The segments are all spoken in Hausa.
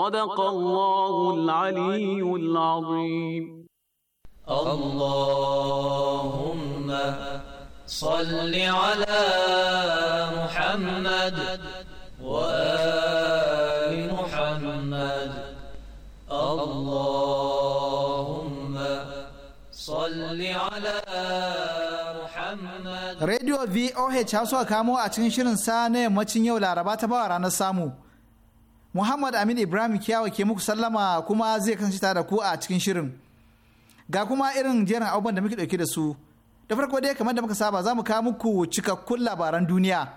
صدق الله العلي العظيم اللهم صل على محمد وآل محمد اللهم صل على محمد راديو في او اتش هاسو كامو اتشن شيرن سانه ماتشين يولا ربا سامو Muhammad Amin Ibrahim Kiyawa ke muku sallama kuma zai kasance tare da ku a cikin shirin. Ga kuma irin jerin abubuwan da muke ɗauke da su. Da farko dai kamar da muka saba za mu kawo muku cikakkun labaran duniya.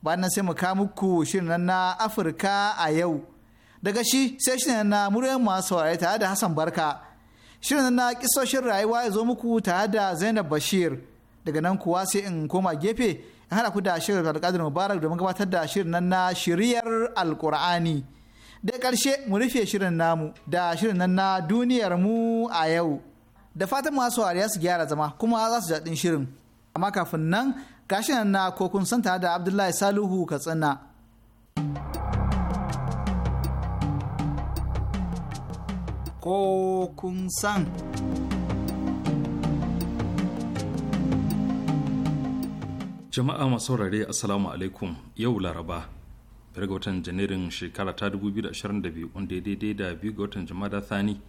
Bayan nan sai mu kawo muku shirin na Afirka a yau. Daga shi sai shirin na muryoyin masu saurayi tare da Hassan Barka. Shirin na kisoshin rayuwa ya zo muku tare da Zainab Bashir. Daga nan kuwa sai in koma gefe in hada ku da shirin alƙadar Mubarak domin gabatar da shirin na shiriyar Alƙur'ani. da ƙarshe mu rufe shirin namu da shirin nan na duniyar mu a yau da fatan masu wariya su gyara zama kuma za su jaɗin shirin amma kafin nan gashi nan na kokun santa da abdullahi saluhu katsina kokun san jama'a masaurare assalamu alaikum yau laraba daga ga watan janairun shekara ta 2022 wanda ya daidai da biyu ga watan jama'a thani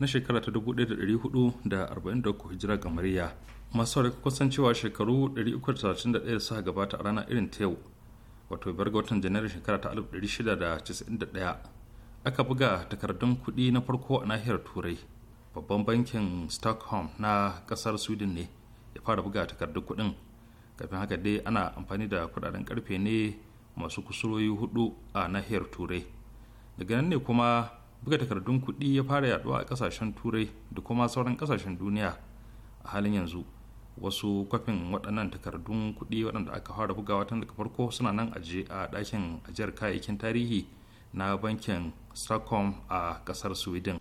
na shekara ta 1443 hijira gamariya masu da kusan cewa shekaru 331 suka gabata a rana irin ta yau wato biyar ga watan janairun shekara ta 1691 aka buga takardun kuɗi na farko a nahiyar turai babban bankin stockholm na ƙasar sweden ne ya fara buga takardun kuɗin kafin haka dai ana amfani da kuɗaɗen karfe ne masu kusuroyi hudu a nahiyar turai daga nan ne kuma buga takardun kuɗi ya fara yaduwa a kasashen turai da kuma sauran kasashen duniya a halin yanzu wasu kwafin waɗannan takardun kuɗi waɗanda aka fara bugawa tun daga farko suna nan aje a ɗakin ajiyar kayayyakin tarihi na bankin stockholm a ƙasar sweden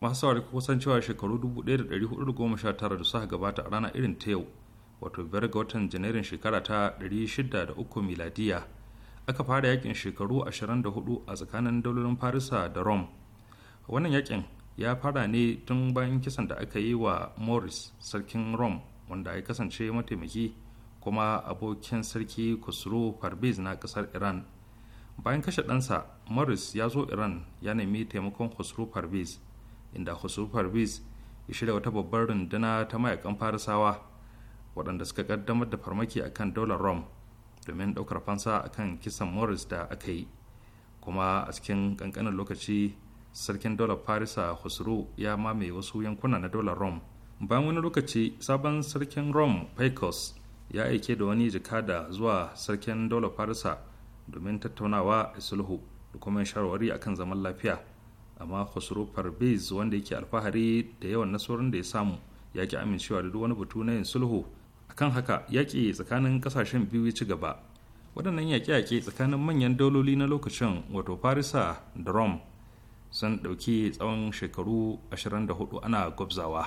masu saurari kusan cewa shekaru 1419 da suka gabata a rana irin ta yau wato biyar ga watan janairun shekara ta 603 miladiya aka fara yakin shekaru 24 a tsakanin daulolin farisa da rome wannan yakin ya fara ne tun bayan kisan da aka yi wa morris sarkin rome wanda ya kasance mataimaki kuma abokin sarki kusuru farbiz na kasar iran bayan kashe ɗansa morris ya zo iran ya nemi taimakon husru farbiz inda husru farbiz ya shirya wata babbar runduna ta mayakan farisawa waɗanda suka kaddamar da farmaki a kan dolar rom domin ɗaukar fansa a kan kisan morris da aka yi kuma a cikin ƙanƙanin lokaci sarkin dolar farisa husru ya mamaye wasu yankuna na dolar rom bayan wani lokaci sabon sarkin rom pecos ya aike da wani jikada zuwa sarkin dolar farisa domin tattaunawa a sulhu da kuma shawarwari akan zaman lafiya amma husru parvez wanda yake alfahari da yawan nasarorin da ya samu ya ki amincewa da duk wani batu na yin sulhu kan haka yaƙi tsakanin ƙasashen biyu ya ci gaba waɗannan yaƙe-yaƙe tsakanin manyan daloli na lokacin wato farisa da rome sun ɗauki tsawon shekaru 24 ana gwabzawa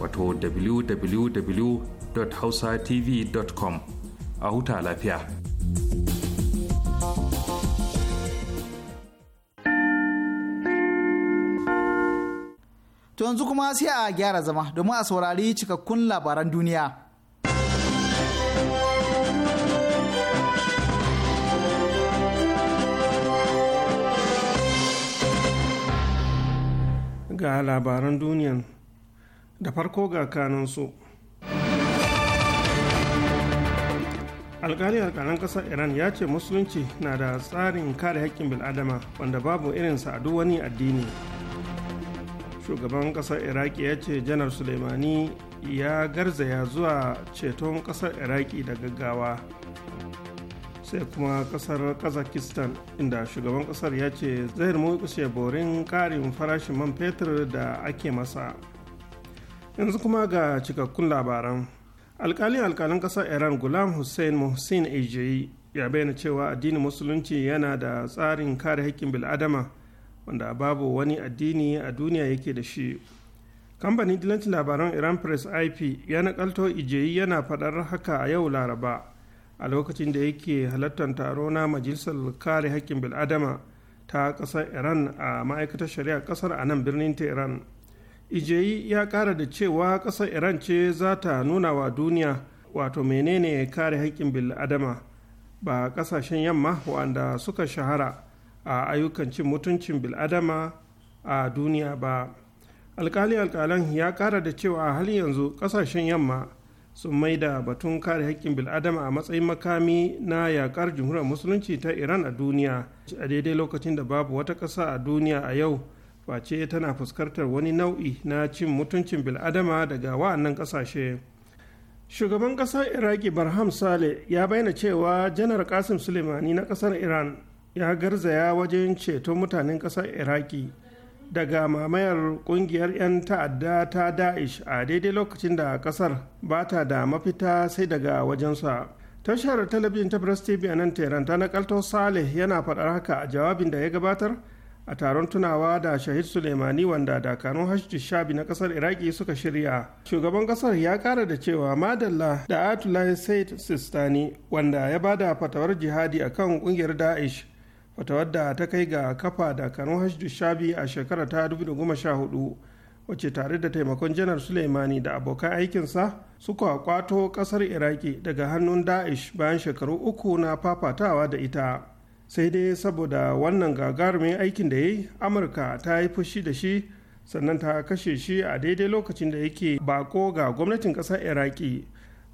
wato www.hausatv.com a huta lafiya. To yanzu kuma sai a gyara zama domin a saurari cikakkun labaran duniya. Ga labaran duniyan da farko ga kanansu alkali alkalan kasar iran ya ce musulunci na da tsarin kare haƙƙin bil'adama wanda babu irinsa a duk wani addini shugaban kasar iraki ya ce janar suleimani ya garzaya zuwa ceton kasar iraki da gaggawa sai kuma kasar kazakistan inda shugaban kasar ya ce zai mu borin karin farashin man fetur da ake masa yanzu kuma ga cikakkun labaran alkalin alkalin ƙasar iran gulam hussein mohsin ejeyi ya bayyana cewa addinin musulunci yana da tsarin kare haƙƙin bil'adama wanda babu wani addini a duniya yake da shi kamfanin dilancin labaran iran press ip ya nakalto ijeyi yana faɗar haka a yau laraba a lokacin da yake halartar taro na majalisar kare haƙƙin bil'adama ta ƙasar iran a ma'aikatar shari'a ƙasar a nan birnin tehran ijeyi ya kara da cewa ƙasar iran ce za ta nuna wa duniya wato menene kare haƙƙin bil'adama ba ƙasashen yamma wanda suka shahara a ayyukan cin mutuncin bil'adama a duniya ba alkali alkalan ya kara da cewa a yanzu ƙasashen yamma sun mai da batun kare haƙƙin bil'adama a matsayin makami na yaƙar jamhuriyar musulunci ta iran a duniya a daidai lokacin da babu wata ƙasa a duniya a yau face tana fuskantar wani nau'i na cin mutuncin bil'adama daga wa'annan ƙasashe shugaban ƙasar iraki barham saleh ya bayyana cewa janar kasim suleimani na ƙasar iran ya garzaya wajen ceto mutanen ƙasar iraki daga mamayar kungiyar 'yan ta'adda ta da'ish a daidai lokacin da kasar ba ta da mafita sai daga wajensa tashar talabijin ta press tv a nan teran ta nakalto saleh yana faɗar haka a jawabin da ya gabatar a taron tunawa da shahid suleimani wanda dakarun hashdu shabi na kasar iraki suka shirya shugaban kasar ya kara da cewa madalla da atulai said sistani wanda ya bada fatawar jihadi a kan kungiyar daesh fatawar da ta kai ga kafa dakarun hashdu shabi a shekara ta 2014 wacce tare da taimakon janar suleimani da abokan aikinsa suka kwato kasar iraki daga hannun daesh bayan shekaru uku na fafatawa da ita sai dai saboda wannan gagarumin aikin da ya yi amurka ta yi fushi da shi sannan ta kashe shi a daidai lokacin da yake bako ga gwamnatin kasar iraki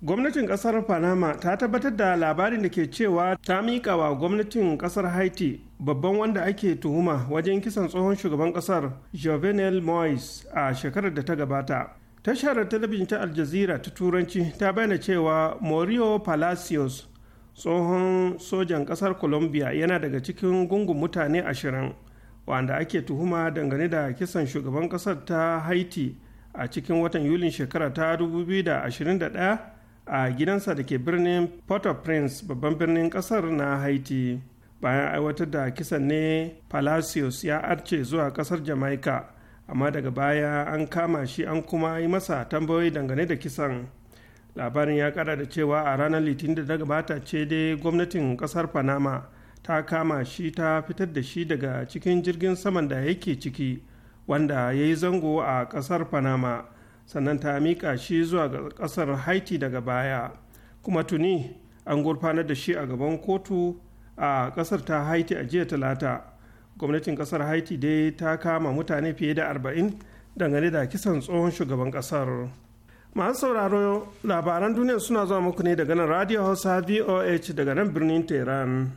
gwamnatin kasar panama ta tabbatar da labarin da ke cewa ta miƙa wa gwamnatin ƙasar haiti babban wanda ake tuhuma wajen kisan tsohon shugaban ƙasar jovenel mois a shekarar da ta gabata tashar talabijin ta aljazeera ta turanci ta bayyana cewa morio palacios tsohon sojan kasar colombia yana daga cikin gungun mutane ashirin wanda ake tuhuma dangane da kisan shugaban kasar ta haiti a cikin watan yulin shekara ta 2021 a gidansa da ke birnin port-au-prince babban birnin kasar na haiti bayan aiwatar da kisan ne palacios ya arce zuwa kasar jamaica amma daga baya an kama shi an kuma yi masa tambayoyi dangane da kisan labarin ya kara da cewa a ranar litinin da ta gabata ce dai gwamnatin kasar panama ta kama shi ta fitar da shi daga cikin jirgin saman da yake ciki wanda ya yi zango a kasar panama sannan ta mika shi zuwa ga kasar haiti daga baya kuma tuni an gurfanar da shi a gaban kotu a kasar ta haiti a jiya talata gwamnatin kasar haiti dai ta kama mutane fiye da 40 dangane da kisan tsohon shugaban kasar. masu sauraro labaran duniya suna zuwa muku ne daga nan radio hausa voh daga nan birnin tehran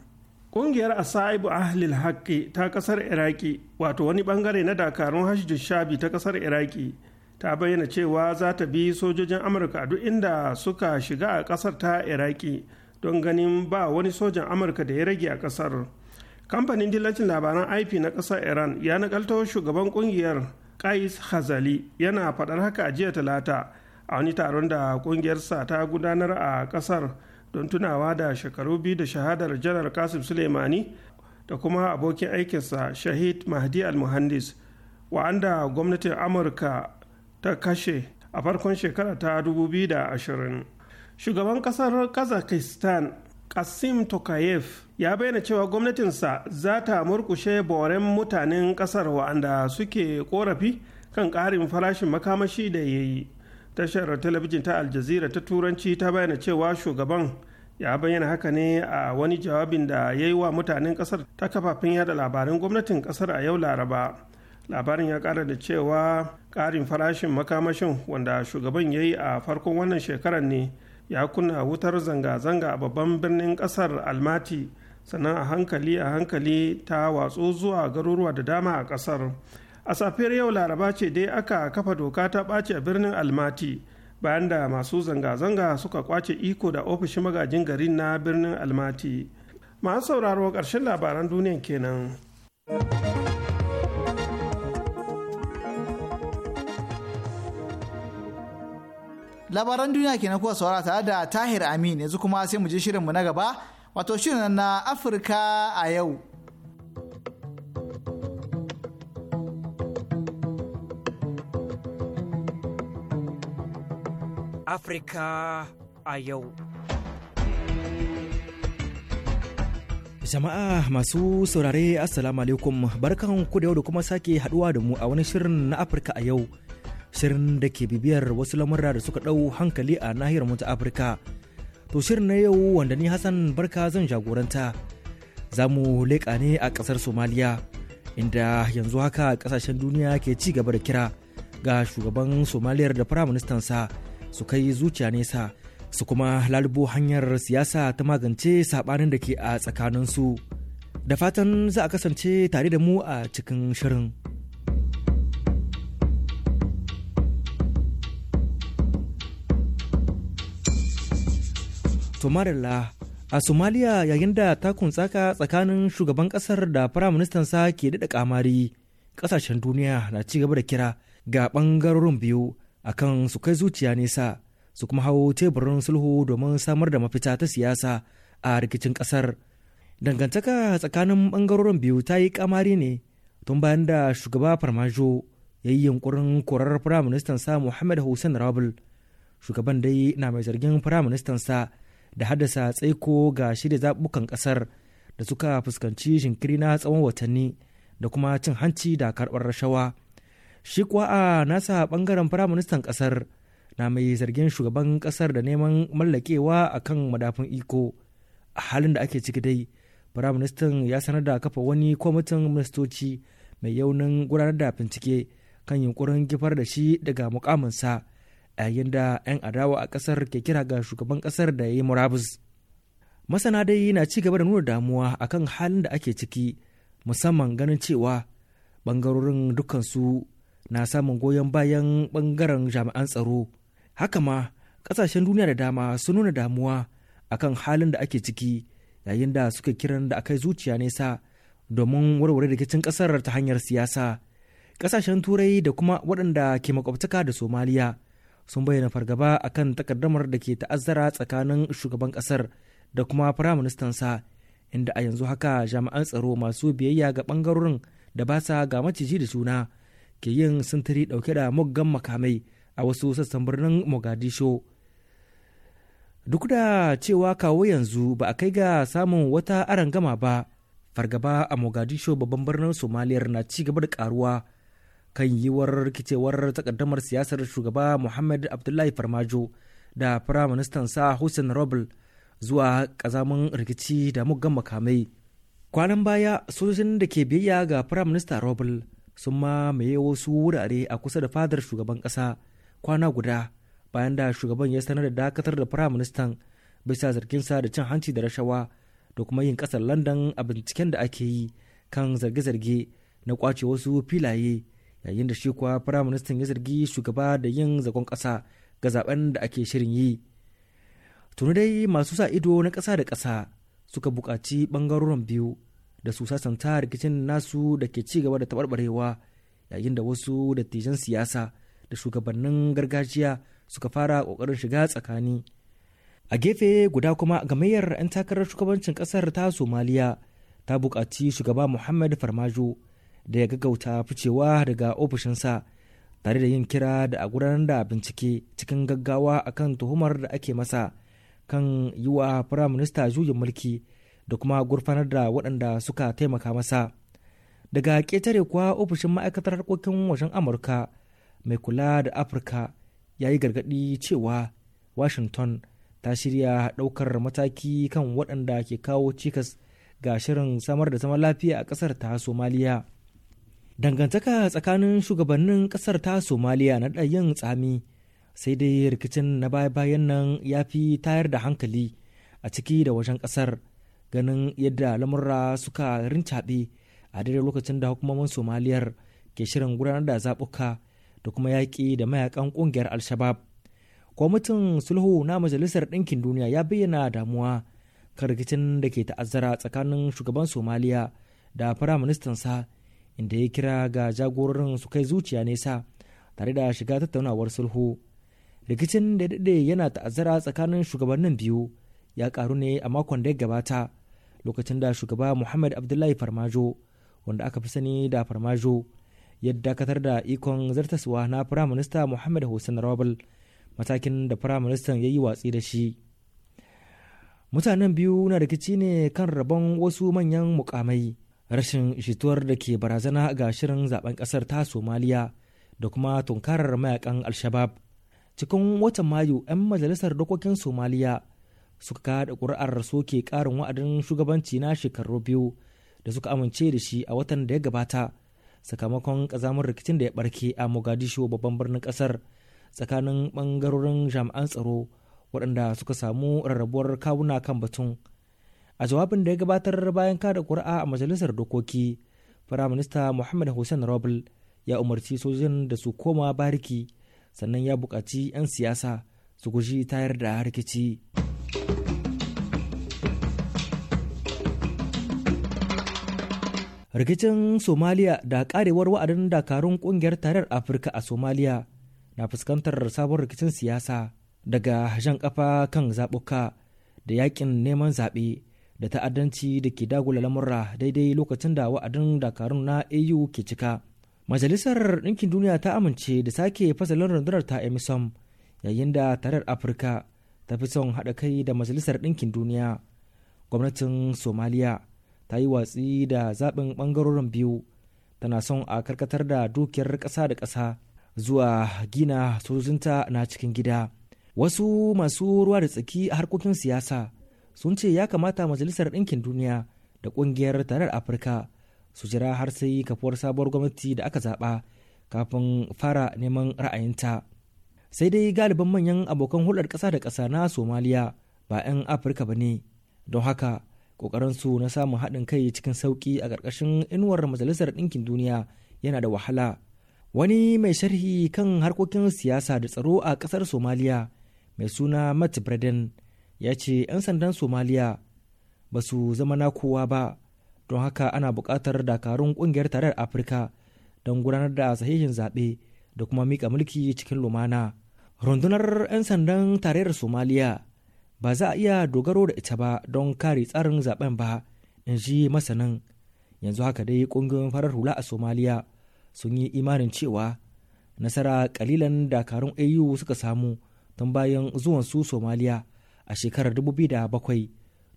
kungiyar asaibu ahlil haqqi ta ƙasar iraki wato wani bangare na dakarun hashdu shabi ta ƙasar iraki ta bayyana cewa za ta bi sojojin amurka a duk inda suka shiga a ƙasar ta iraki don ganin ba wani sojan amurka da ya rage a ƙasar. kamfanin dillacin labaran ip na ƙasar iran ya nakalto shugaban kungiyar kais hazali yana faɗar haka a jiya talata a wani taron da ƙungiyarsa ta gudanar a ƙasar don tunawa da shekaru biyu da shahadar janar kasim suleimani da kuma abokin aikinsa shahid mahdi al-muhandis wa'anda gwamnatin amurka ta kashe a farkon shekara ta 2020 shugaban kasar kazakhstan kasim tokayev ya bayyana cewa gwamnatinsa za ta murkushe boren mutanen kasar wa'anda suke korafi kan ƙarin farashin makamashi da ya yi tashar talabijin ta aljazira ta turanci ta bayyana cewa shugaban ya bayyana haka ne a wani jawabin da ya yi wa mutanen kasar ta kafafen yada labarin gwamnatin kasar a yau laraba labarin ya kara da cewa karin farashin makamashin wanda shugaban ya yi a farkon wannan shekarar ne ya kunna wutar zanga-zanga a babban birnin kasar almati sannan a hankali a hankali ta watsu zuwa garuruwa da dama a kasar a safiyar yau laraba ce dai aka kafa doka ta ɓaci a birnin almati bayan da masu zanga-zanga suka kwace iko da ofishin magajin garin na birnin almati masu sauraro ƙarshen labaran duniyan kenan. labaran duniya kenan kuwa saurara tare da tahir amin yanzu kuma sai mu je shirinmu na gaba wato shirin na afirka a yau Afirka a yau. Jama'a masu saurare Assalamu alaikum barkan ku da yau da kuma sake haduwa da mu a wani shirin na Afirka a yau. Shirin da ke bibiyar wasu lamurra da suka ɗau hankali a nahiyar mu ta Afirka. To shirin na yau wanda ni Hassan barka zan jagoranta. Za mu leƙa ne a ƙasar Somaliya inda yanzu haka ƙasashen duniya ke ci gaba da kira ga shugaban Somaliyar da firaministansa sa su kai zuciya nesa su kuma lalubo hanyar siyasa ta magance saɓanin da ke a tsakaninsu da fatan za a kasance tare da mu a cikin shirin. tomarilla a Somalia yayin da takun tsaka tsakanin shugaban kasar da firaministansa ke daɗa kamari ƙasashen duniya na ci gaba da kira ga ɓangarorin biyu akan su kai zuciya nesa su kuma hau teburin sulhu domin samar da mafita ta siyasa a rikicin kasar dangantaka tsakanin bangarorin biyu ta yi kamari ne tun bayan da shugaba farmajo ya yi yunkurin korar firaministan sa muhammad hussein rabul shugaban dai na mai zargin firaministan sa da haddasa tsaiko ga shirya zabukan kasar da suka fuskanci shinkiri na tsawon watanni da kuma cin hanci da karɓar rashawa. shi kuwa a nasa bangaren firaministan kasar na mai zargin shugaban kasar da neman mallakewa a kan madafin iko a halin da ake ciki dai firaministan ya sanar da kafa wani kwamitin ministoci mai yaunin gudanar da bincike kan yunkurin gifar da shi daga mukaminsa yayin da 'yan adawa a kasar ke kira ga shugaban kasar da ya yi murabus masana dai na ci gaba da nuna damuwa akan halin da ake ciki musamman ganin cewa bangarorin dukansu na samun goyon bayan bangaren jami'an tsaro haka ma kasashen duniya da dama sun nuna damuwa akan halin da ake ciki yayin da suka kiran da akai zuciya nesa domin warware rikicin kasar ta hanyar siyasa kasashen turai da kuma waɗanda ke makwabtaka da somaliya sun bayyana fargaba akan takaddamar da ke ta'azzara tsakanin shugaban kasar da kuma firaministansa inda a yanzu haka jami'an tsaro masu biyayya ga bangarorin da ba sa ga maciji da juna ke yin sintiri ɗauke da muggan makamai a wasu sassan birnin mogadisho duk da cewa kawo yanzu ba a kai ga samun wata gama ba fargaba a mogadisho babban birnin somaliyar na ci gaba da karuwa kan yiwuwar rikicewar takaddamar siyasar shugaba muhammad abdullahi farmajo da firaministan sa hussein robel zuwa kazamin rikici da muggan makamai kwanan baya sojojin da ke biyayya ga firaminista robel sun mamaye wasu wurare a kusa da fadar shugaban kasa kwana guda bayan da shugaban ya sanar da dakatar da firaministan bisa zarginsa da cin hanci da rashawa da kuma yin ƙasar london a binciken da ake yi kan zarge-zarge na kwace wasu filaye yayin da shi kuwa firaministan ya zargi shugaba da yin zagon kasa ga zaben da ake shirin yi tuni dai masu sa ido na kasa da kasa suka bukaci bangarorin biyu da su sasanta rikicin nasu da ke ci gaba da tabarbarewa yayin da wasu dattijan siyasa da shugabannin gargajiya suka fara kokarin shiga tsakani a gefe guda kuma gamayyar 'yan takarar shugabancin kasar ta somaliya ta bukaci shugaba muhammad farmajo da ya gaggauta ficewa daga ofishinsa tare da yin kira da a gudanar da bincike cikin gaggawa akan tuhumar da ake masa kan yi wa firaminista juyin mulki da kuma gurfanar da waɗanda suka taimaka masa daga ƙetare kuwa ofishin ma'aikatar harkokin wajen amurka mai kula da afirka ya yi gargaɗi cewa washington ta shirya ɗaukar mataki kan waɗanda ke kawo cikas ga shirin samar da zaman lafiya a ƙasar ta somaliya dangantaka tsakanin shugabannin ƙasar ta somaliya na yin tsami sai dai rikicin na baya-bayan nan ya fi tayar da hankali a ciki da wajen ƙasar ganin yadda lamurra suka rincaɓe a daidai lokacin da hukumomin somaliyar ke shirin gudanar da zaɓuka da kuma yaƙi da mayakan ƙungiyar alshabab kwamitin sulhu na majalisar ɗinkin duniya ya bayyana damuwa kan rikicin da ke ta'azzara tsakanin shugaban somaliya da firaministansa inda ya kira ga jagororin su kai zuciya nesa tare da shiga tattaunawar sulhu rikicin da daɗe yana ta'azzara tsakanin shugabannin biyu ya karu ne a makon da ya gabata lokacin da shugaba muhammad abdullahi farmajo wanda aka fi sani da farmajo ya dakatar da ikon zartaswa na firaminista muhammad hussein rabal matakin da firaministan ya yi watsi da shi mutanen biyu na rikici ne kan rabon wasu manyan mukamai rashin shituwar da ke barazana ga shirin zaben kasar ta somaliya da kuma tunkarar mayakan al-shabab cikin watan mayu 'yan majalisar dokokin somaliya suka kada ƙuri'ar soke ƙarin wa'adin shugabanci na shekaru biyu da suka amince da shi a watan da ya gabata sakamakon ƙazamar rikicin da ya barke a mogadishu babban birnin ƙasar tsakanin ɓangarorin jami'an tsaro waɗanda suka samu rarrabuwar kawuna kan batun a jawabin da ya gabatar bayan kada ƙuri'a a majalisar dokoki firaminista muhammad hussein robel ya umarci sojojin da su koma bariki sannan ya buƙaci 'yan siyasa su guji tayar da rikici. rikicin somaliya da karewar wa'adin dakarun kungiyar tarar afirka a somaliya na fuskantar sabon rikicin siyasa daga jan kafa kan zaɓuka da yakin neman zaɓe da ta'addanci da ke dagula lamurra daidai lokacin da wa'adin dakarun na au ke cika majalisar ɗinkin duniya ta amince da sake fasalin rundunar ta emisom yayin da tarar afirka ta fi son haɗa kai da majalisar ɗinkin duniya gwamnatin somaliya ta yi watsi da zaɓin ɓangarorin biyu tana son a karkatar da dukiyar ƙasa da ƙasa zuwa gina sojojinta na cikin gida wasu masu ruwa da tsaki a harkokin siyasa sun ce ya kamata majalisar ɗinkin duniya da ƙungiyar tarar afirka su jira har sai kafuwar sabuwar gwamnati da aka zaɓa kafin fara neman ra'ayinta sai dai galibin manyan abokan hulɗar ƙasa da ƙasa na somaliya ba 'yan afirka ba ne don haka su na samun haɗin kai cikin sauƙi a ƙarƙashin inuwar majalisar ɗinkin duniya yana da wahala wani mai sharhi kan harkokin siyasa da tsaro a ƙasar somaliya mai suna matt braden ya ce 'yan sandan somaliya ba su zama na kowa ba don haka ana buƙatar dakarun ƙungiyar tarayyar afirka don gudanar da sahihin zaɓe da kuma mika mulki cikin lumana rundunar 'yan sandan tarayyar somaliya ba za a iya dogaro da ita ba don kare tsarin zaben ba in ji masanin yanzu haka dai kungiyoyin farar hula a somaliya sun yi imanin cewa nasara kalilan dakarun au suka samu tun bayan zuwan su somaliya a shekarar 2007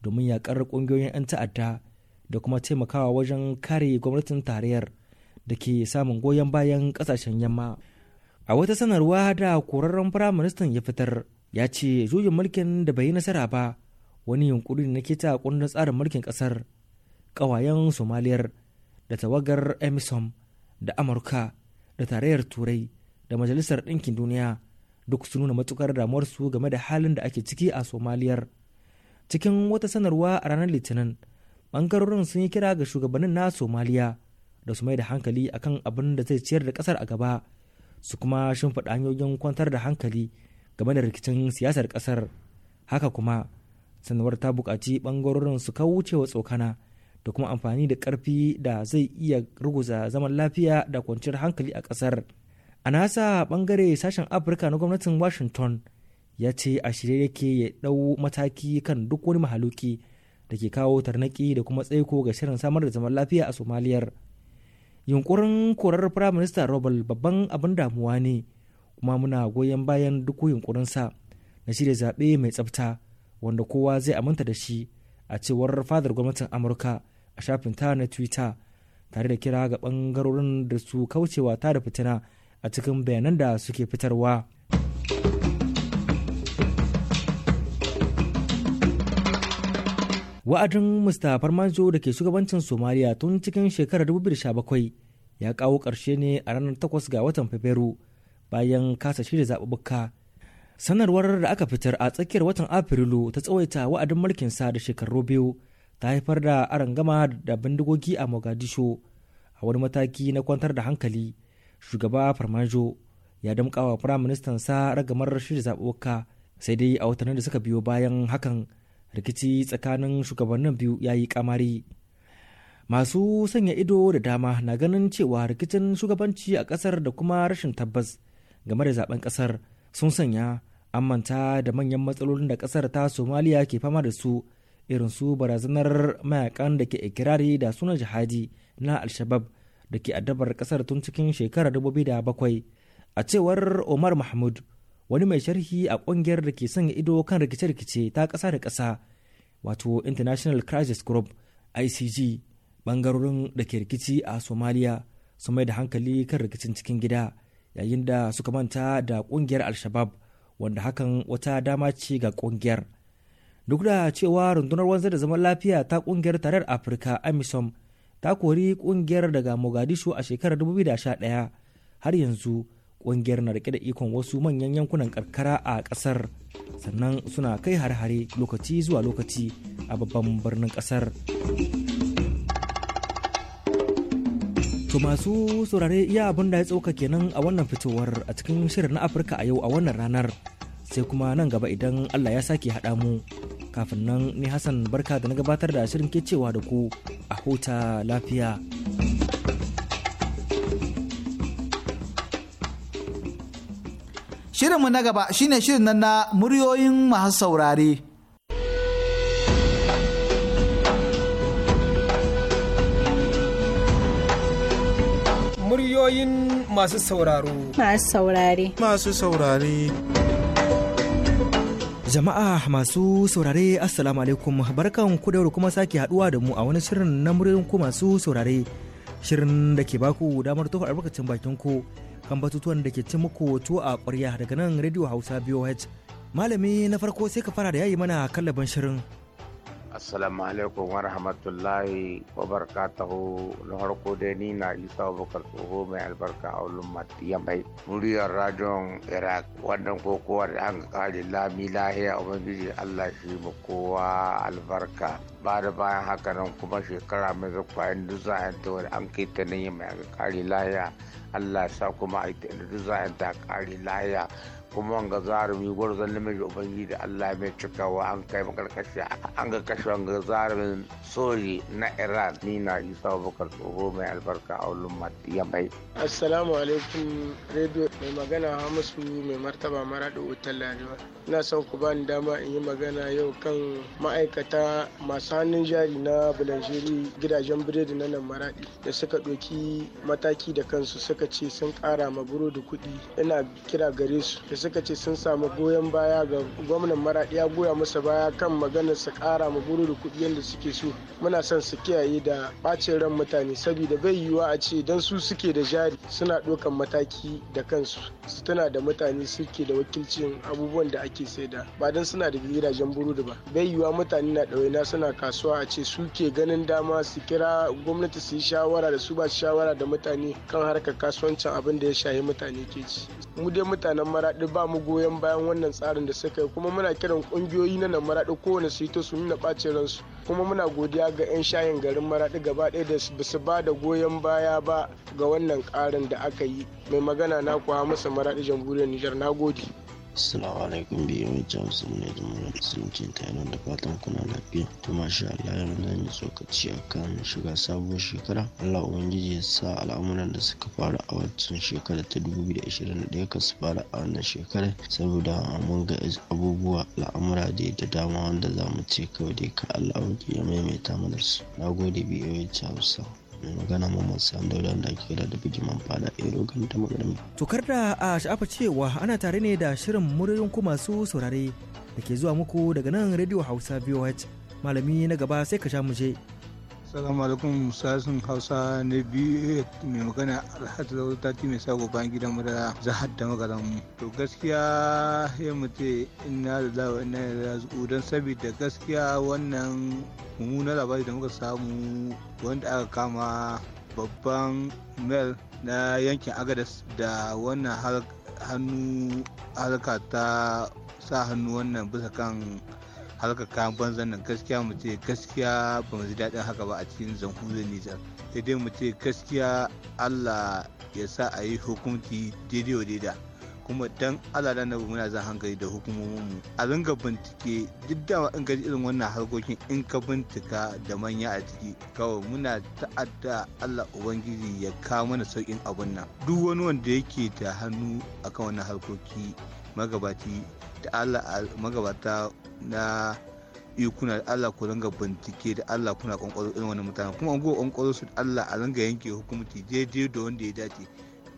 domin yakar kungiyoyin 'yan ta'adda da kuma taimakawa wajen kare gwamnatin tarayyar da ke samun goyon bayan kasashen yamma a wata sanarwa da korarren firaministan ya fitar ya ce juyin mulkin da bai yi nasara ba wani yunkuri na ke ta kundin tsarin mulkin kasar ƙawayen somaliyar da tawagar emisom da amurka da tarayyar turai da majalisar ɗinkin duniya duk su nuna matukar su game da halin da ake ciki a somaliyar cikin wata sanarwa a ranar litinin bangarorin sun yi kira ga shugabannin na somaliya da su mai da hankali akan abin da zai ciyar da kasar a gaba su kuma shimfiɗa hanyoyin kwantar da hankali game da rikicin siyasar kasar haka kuma sanarwar ta buƙaci bangarorin su cewa tsokana da kuma amfani da karfi da zai iya ruguza zaman lafiya da kwanciyar hankali a kasar. a nasa ɓangare sashen afirka na gwamnatin washington ya ce a shirye yake ya ɗau mataki kan duk wani mahaluki da ke kawo tarnaki da kuma tsaiko ga shirin samar da zaman lafiya a somaliyar yunkurin korar firaminista robal babban abin damuwa ne kuma muna goyon bayan duk yunkurinsa na shirya zaɓe mai tsafta wanda kowa zai aminta da shi a cewar fadar gwamnatin amurka a shafin ta na twitter tare da kira ga ɓangarorin da su kaucewa ta da fitina a cikin bayanan da suke fitarwa. wa'adin mista farmajo da ke shugabancin somaliya tun cikin shekarar 2017 ya kawo ƙarshe ne a ranar 8 ga watan fabrairu bayan kasa shirya zaɓuɓɓuka sanarwar da aka fitar a tsakiyar watan afrilu ta tsawaita wa'adin mulkin sa da shekaru biyu ta haifar da arangama da bindigogi a mogadishu a wani mataki na kwantar da hankali shugaba farmajo ya firayim firaministan sa ragamar shirya zaɓuɓɓuka sai dai a watannin da suka biyo bayan hakan rikici tsakanin shugabannin biyu ya yi kamari masu sanya ido da dama na ganin cewa rikicin shugabanci a ƙasar da kuma rashin tabbas game da zaben kasar sun sanya an manta da manyan matsalolin da kasar ta somaliya ke fama da su irin su barazanar mayakan da ke ikirari da sunan jihadi na alshabab da ke addabar kasar tun cikin shekarar da bakwai a cewar omar mahmud wani mai sharhi a kungiyar da ke sanya ido kan rikice-rikice ta kasa da kasa wato international crisis group icg bangarorin da ke rikici a somaliya su mai da hankali kan rikicin cikin gida yayin da suka manta da kungiyar al-shabab wanda hakan wata dama ce ga kungiyar duk da cewa rundunar wanzar da zaman lafiya ta kungiyar tarar afirka amisom ta kori kungiyar daga mogadishu a shekarar 2011 har yanzu kungiyar na rike da ikon wasu manyan yankunan karkara a kasar sannan suna kai har-hare lokaci zuwa lokaci a babban birnin kasar. To masu saurare iya abin da ya tsoka kenan a wannan fitowar a cikin shirin na Afirka a yau a wannan ranar sai kuma nan gaba idan Allah ya sake haɗa mu kafin nan ni Hassan barka da na gabatar da shirin ke cewa da ku a huta lafiya. Shirinmu na gaba shine shirin na muryoyin masu saurare. Muryoyin masu sauraro. Masu saurare. Masu saurare. Jama'a masu saurare Assalamu alaikum barkan ku da kuma sake haduwa da mu a wani shirin na muryoyin ku masu saurare. Shirin da ke baku damar tofa albarkacin bakin ku kan batutuwan da ke cin muku tuwo a ƙwarya daga nan Radio Hausa BOH. Malami na farko sai ka fara da yayi mana kallaban shirin. assalamu alaikum wa rahmatullahi wa barakatuhu na harko dai ni na isa bukar tsoho mai albarka a wulin matiya mai muryar radion iraq wannan kokowa da an kare lami lahiya ubangiji allah shi mu kowa albarka ba da bayan haka nan kuma shekara mai zuwa yin yanzu za ta wani an kai ta yi mai kare lahiya allah sa kuma a yi ta duk ta kare lahiya kuma wanga zarumi gwarzon namiji ubangiji da allah mai cikawa an kai makarkashiya an ga kashe wanga zarumin soji na iran ni na isa bakar tsoho mai albarka a wulin matiya mai assalamu alaikum radio mai magana hamisu mai martaba maraɗi otal lariwa ina son ku bani dama in yi magana yau kan ma'aikata masu hannun jari na bulanjeri gidajen biredi na nan maraɗi da suka ɗauki mataki da kansu suka ce sun ƙara ma burodi kuɗi ina kira gare su suka ce sun samu goyon baya ga gwamnan maraɗi ya goya musu baya kan maganar su kara ma guru da kuɗi yadda suke so muna son su kiyaye da bacin ran mutane saboda bai yiwuwa a ce dan su suke da jari suna ɗaukan mataki da kansu su tana da mutane suke da wakilcin abubuwan da ake saida ba dan suna da gidajen burodi ba bai yiwuwa mutane na ɗawaina suna kasuwa a ce su ganin dama su kira gwamnati su yi shawara da su ba shawara da mutane kan harkar kasuwancin abin da ya shahi mutane ke ci mu dai mutanen maraɗi ba mu goyon bayan wannan tsarin da suka yi kuma muna kiran kungiyoyi na nan maraɗi kowane su ta su nuna ɓacin ransu kuma muna godiya ga 'yan shayin garin maraɗi gaba ɗaya da su ba da goyon baya ba ga wannan ƙarin da aka yi mai magana na kuwa masa maraɗi jamhuriyar nijar na gode. Assalamu alaikum bi mai ne da murar musulunci ta yanar da fatan kuna lafiya. To masha Allah yau zan yi tsokaci akan shiga sabuwar shekara. Allah Ubangiji ya sa al'amuran da suka fara a wancan shekara ta 2021 ka su fara a wannan shekarar saboda mun ga abubuwa al'amura da da dama wanda za mu ce kawai dai ka Allah ya maimaita mana su. Na gode bi Hausa. magana Muhammad Sani da ke da bikin amfana Ero kan ta magana. Tokar da a sha'afa cewa ana tare ne da shirin muryoyin ku masu saurare da ke zuwa muku daga nan Radio Hausa VOH. Malami na gaba sai ka sha mu je. Salamu alaikum sasin Hausa na biyu mai magana Alhaji Zauro Tati mai sago bayan gidan mu da Zahar da Magaran. To gaskiya ya mutu ina da zawo ina da zazu don saboda gaskiya wannan mummunan labari da muka samu wanda aka kama babban mel na yankin Agadas da wannan hannu harka ta sa hannu wannan bisa kan harkar kayan banza nan gaskiya mu ce gaskiya ba mu ji daɗin haka ba a cikin jamhuriyar Nijar sai dai mu ce gaskiya Allah ya sa a yi hukunci daidai wa daida kuma dan Allah da nabi muna zan hankali da hukumomin mu a ringa bincike duk da in gaji irin wannan harkokin in ka bincika da manya a ciki kawai muna ta'adda Allah ubangiji ya kawo mana saukin abun nan duk wani wanda yake da hannu akan wannan harkoki magabaci da allah magabata na ikuna e, da Allah ku ranga bintike da Allah kuna kwankwaro irin wani mutane kuma an kwankwaro su da Allah a ranga yanke hukumci daidai da wanda ya dace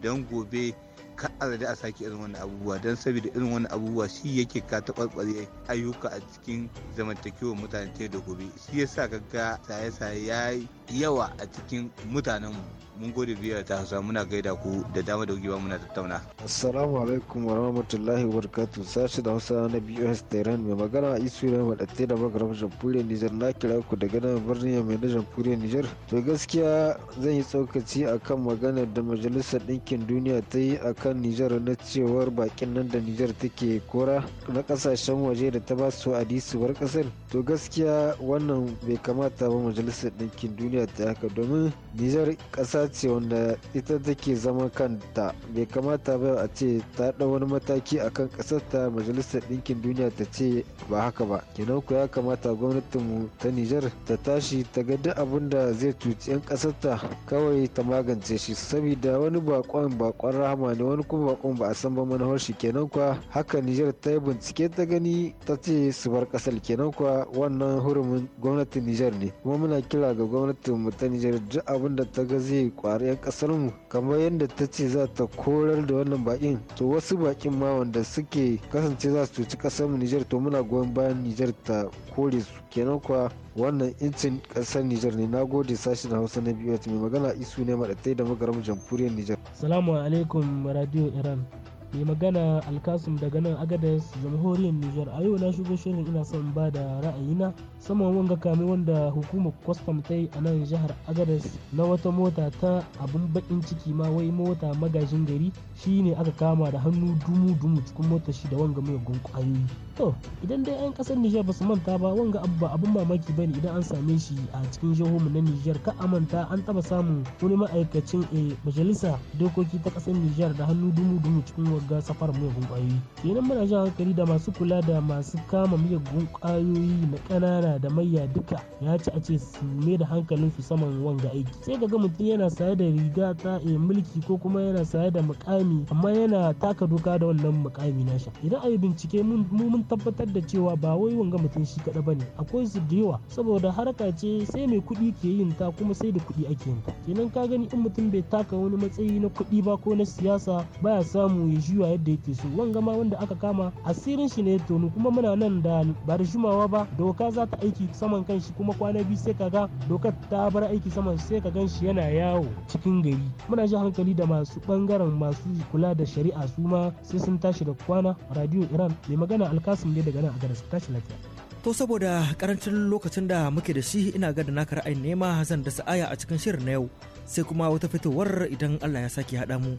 don gobe ka da a sake irin wani abubuwa don saboda irin wani abubuwa shi yake ka taɓarɓare ayyuka a cikin zamantakewar mutane ta da gobe shi yasa ga saye-saye ya yawa a cikin mutanenmu mun gode biya ta hasa muna gaida ku da dama da ba muna tattauna assalamu alaikum wa rahmatullahi wa barakatuh sashi da hausa na bos tehran mai magana a isu ne madatte da magaram jamhuriyar nijar na kira ku daga nan birnin mai na jamhuriyar nijar to gaskiya zan yi tsokaci akan maganar da majalisar ɗinkin duniya ta yi kan nijar na cewar bakin nan da nijar take kora na kasashen waje da ta ba su adisu kasar to gaskiya wannan bai kamata ba majalisar ɗinkin duniya ta haka domin nijar ƙasa ce wanda ita take zama kanta bai kamata ba a ce ta ɗau wani mataki akan ƙasar ta majalisar ɗinkin duniya ta ce ba haka ba kenan ku ya kamata gwamnatinmu ta nijar ta tashi ta gada abin da zai cuci 'yan ƙasar ta kawai ta magance shi saboda wani bakon bakon rahama ne wani kuma bakon ba a san ba manahar shi kenan kuwa haka nijar ta yi bincike ta gani ta ce su bar kasar kenan kuwa wannan hurumin gwamnatin nijar ne kuma muna kira ga gwamnatinmu ta nijar duk abin da ta ga zai kwariyar kasarmu kamar yadda ta ce za ta korar da wannan bakin to wasu bakin ma wanda suke kasance za su cuci kasarmu nijar to muna goyon bayan nijar ta kore su kenan kuwa wannan incin kasar Nijar ne na nagode sashen Hausa na biyu mai magana isu ne madatai da magaram jamhuriyar Nijar. Salamu alaikum radio Iran. mai magana alkasum daga nan agadas jamhuriyar nijar a yau na shigo shirin ina son ba da ra'ayina saman wanga kame wanda hukumar kwastam ta yi a nan jihar agadas na wata mota ta abin bakin ciki ma wai mota magajin gari shine aka kama da hannu dumu dumu cikin mota shi da wanga mai gunkwayoyi to idan dai 'yan kasar nijar ba su manta ba wanga abba abin mamaki ba ne idan an same shi a cikin jihohinmu na nijar ka amanta an taba samun wani ma'aikacin a eh, majalisa dokoki ta kasar nijar da hannu dumu dumu cikin wagga safar miyagun kwayoyi kenan muna jan hankali da masu kula da masu kama miyagun kwayoyi na kanana da mayya duka ya ci a ce su mai da hankalin su saman wanga aiki sai ga mutum yana saye da riga ta a eh, mulki ko kuma yana saye da mukami amma yana taka doka da wannan mukami nasha idan a yi bincike mun mun tabbatar da cewa ba wai wanga mutum shi ba ne akwai su da yawa saboda harka ce sai mai kuɗi ke yin ta kuma sai da kuɗi ake yin ta kenan ka gani in mutum bai taka wani matsayi na kuɗi ba ko na siyasa baya samu ya juya yadda yake so wanga ma wanda aka kama asirin shi ne tonu kuma muna nan da ba da jumawa ba doka za ta aiki saman kan shi kuma kwana biyu sai kaga dokar ta bar aiki saman sai ka gan shi yana yawo cikin gari muna ji hankali da masu bangaren masu kula da shari'a su ma sai sun tashi da kwana radio iran mai magana alka tasu ne daga nan a su tashi lafiya to saboda karancin lokacin da muke da shi ina ga da naka ra'ayin nema zan da sa'aya a cikin shirin na yau sai kuma wata fitowar idan Allah ya sake haɗa mu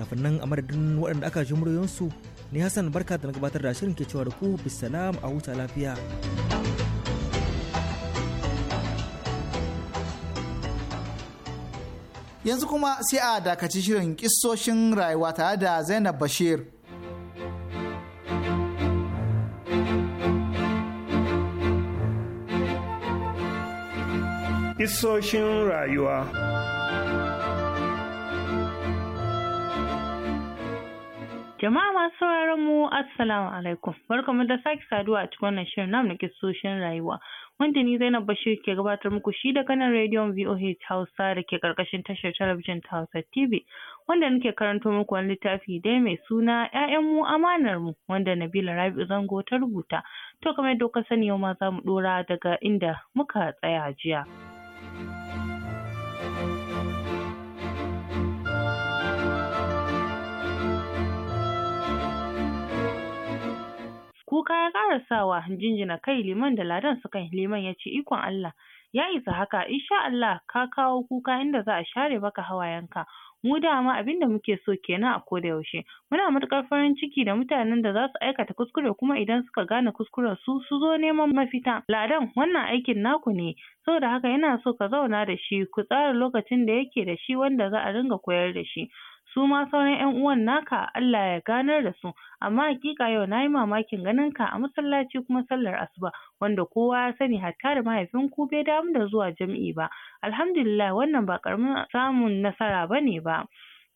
kafin nan a madadin waɗanda aka ji muryoyinsu ni Hassan barka da na gabatar da shirin ke cewa da ku bisalam a huta lafiya yanzu kuma sai a dakaci shirin kisoshin rayuwa tare da Zainab Bashir Isoshin rayuwa. Jama'a masu sauraron mu Assalamu alaikum. Barkamu da sake saduwa a cikin wannan shirin namu na kisoshin rayuwa. Wanda ni Zainab Bashir ke gabatar muku shi da kanan rediyon VOH Hausa da ke karkashin tashar talabijin ta Hausa TV. Wanda nake karanto muku wani littafi dai mai suna ‘Ya'yan mu amanar mu wanda Nabila Rabi'u Zango ta rubuta. To kamar yadda kuka sani yau ma za mu ɗora daga inda muka tsaya jiya. Kuka ya ƙara sawa jinjina kai Liman da Ladan su yi, Liman ya ce, ikon Allah, ya isa haka, in sha Allah ka kawo kuka inda za a share maka hawayenka. Mu dama abin da muke so kenan a koda yaushe. Muna matukar farin ciki da mutanen da za su aikata kuskure kuma idan suka gane kuskuren su su zo neman mafita. Ladan wannan aikin naku ne, saboda haka yana so ka zauna da shi ku tsara lokacin da yake da shi wanda za a ringa koyar da shi. su ma sauran ƴan uwan naka Allah ya ganar da su amma hakika yau na yi mamakin ganin ka a masallaci kuma sallar asuba wanda kowa ya sani hatta da mahaifin ku bai damu da zuwa jam'i ba alhamdulillah wannan ba karamin samun nasara bane ba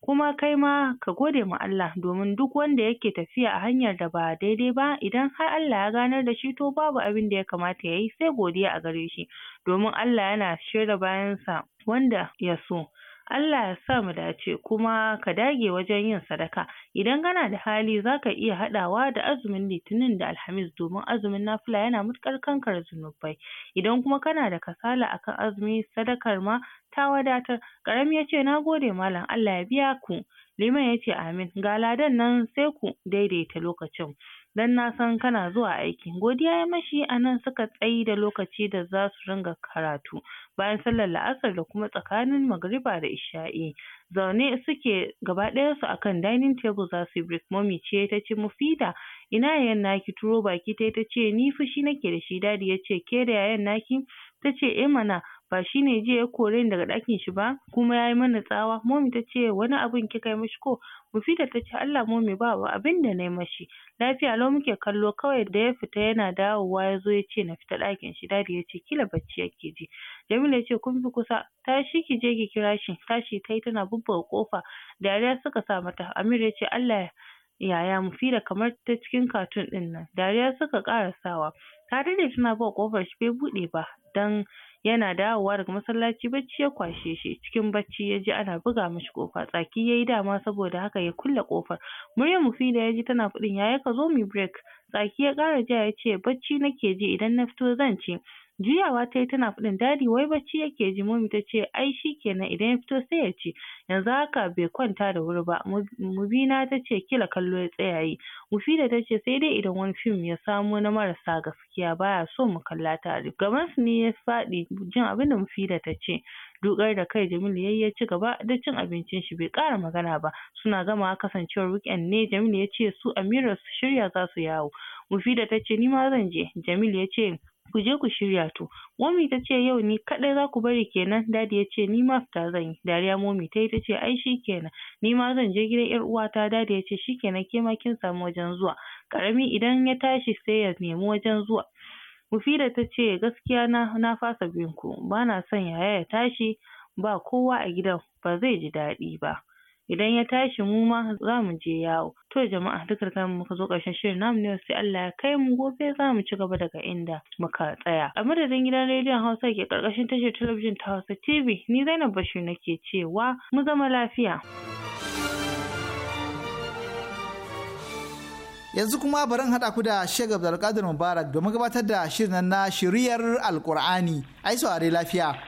kuma kai ma ka gode ma Allah domin duk wanda yake tafiya a hanyar da ba daidai ba idan har Allah ya ganar da shi to babu abin da ya kamata ya yi sai godiya a gare shi domin Allah yana shirya bayansa wanda ya so Allah ya sa mu dace kuma ka dage wajen yin sadaka idan kana da hali za ka iya haɗawa da azumin litinin da alhamis domin azumin nafila yana matuƙar kankar zunubai idan kuma kana da kasala akan azumi sadakar ma ta wadatar ƙarami yace gode malam Allah ya biya ku liman ya ce amin ga ladan nan sai ku daidaita lokacin dan na san kana zuwa aiki. Godiya ya mashi a nan suka da lokaci da za su ringa karatu bayan sallar la'asar da kuma tsakanin magariba da isha'i. Zaune suke gaba ɗayasu a kan dining table za su yi break. Mummy ce ta ce Mufida ina yayan naki turo baki tai ta ce ni fushi nake da shi dadi ya ce ke da yayan naki ta ce eh mana ba shi jiya ya kore ni daga ɗakin shi ba kuma ya yi mana tsawa momi ta ce wani abun kika yi mishi ko mufida ta ce Allah momi babu abin da yi mashi lafiya lau muke kallo kawai da ya fita yana dawowa ya zo ya ce na fita ɗakin shi dadi ya ce kila bacci yake ji Jamila ya ce kun fi kusa tashi ki je ki kira shi tashi ta yi tana bubbuga kofa dariya suka sa mata Amir ya ce Allah yaya mufida kamar ta cikin katun ɗin nan dariya suka ƙara sawa ta daɗe tana buga ƙofar shi bai buɗe ba dan yana dawowa daga masallaci bacci ya kwashe shi cikin bacci ya ji ana buga mashi ƙofa tsaki ya yi dama saboda haka ya kulle ƙofar muryar Mufida ya ji tana faɗin yaya ka zo mu yi break tsaki ya ƙara jiya ya ce bacci nake ji idan na fito zan ci Juyawa ta yi tana faɗin dadi wai bacci yake ji momi ta ce ai shi kenan idan ya fito sai ya ci yanzu haka bai kwanta da wuri ba mubina ta ce kila kallo ya tsaya yi mufida ta ce sai dai idan wani fim ya samo na marasa gaskiya baya so mu kalla tare gaban su ne ya faɗi jin abin da mufida ta ce dukar da kai jamil yayi ya ci gaba da cin abincin shi bai ƙara magana ba suna gama kasancewar weekend ne Jamilu ya ce su Amira su shirya za su yawo Mufida ta ce ni ma zan je Jamilu ya ce ku je ku shirya to momi ta ce yau ni kaɗai za ku bari kenan dadi ya ce ni ma fita zan yi dariya momi ta yi ta ce ai shi kenan ni ma zan je gidan ƴar uwata dadi ya ce kenan ke ma kin samu wajen zuwa ƙarami idan ya tashi sai ya nemi wajen zuwa Mufida ta ce gaskiya na na fasa bin ku ba na son yaya ya tashi ba kowa a gidan ba zai ji daɗi ba idan ya tashi mu ma za mu je yawo. To jama'a duka da muka zo ƙarshen shirin namu ne sai Allah ya kai mu gobe za mu ci gaba daga inda muka tsaya. A madadin gidan rediyon Hausa ke ƙarƙashin tashar talabijin ta Hausa TV ni Zainab Bashir nake cewa mu zama lafiya. Yanzu kuma bari haɗa ku da Sheikh Abdulkadir Mubarak domin gabatar da shirin na shiriyar Alƙur'ani. Ai saurare lafiya.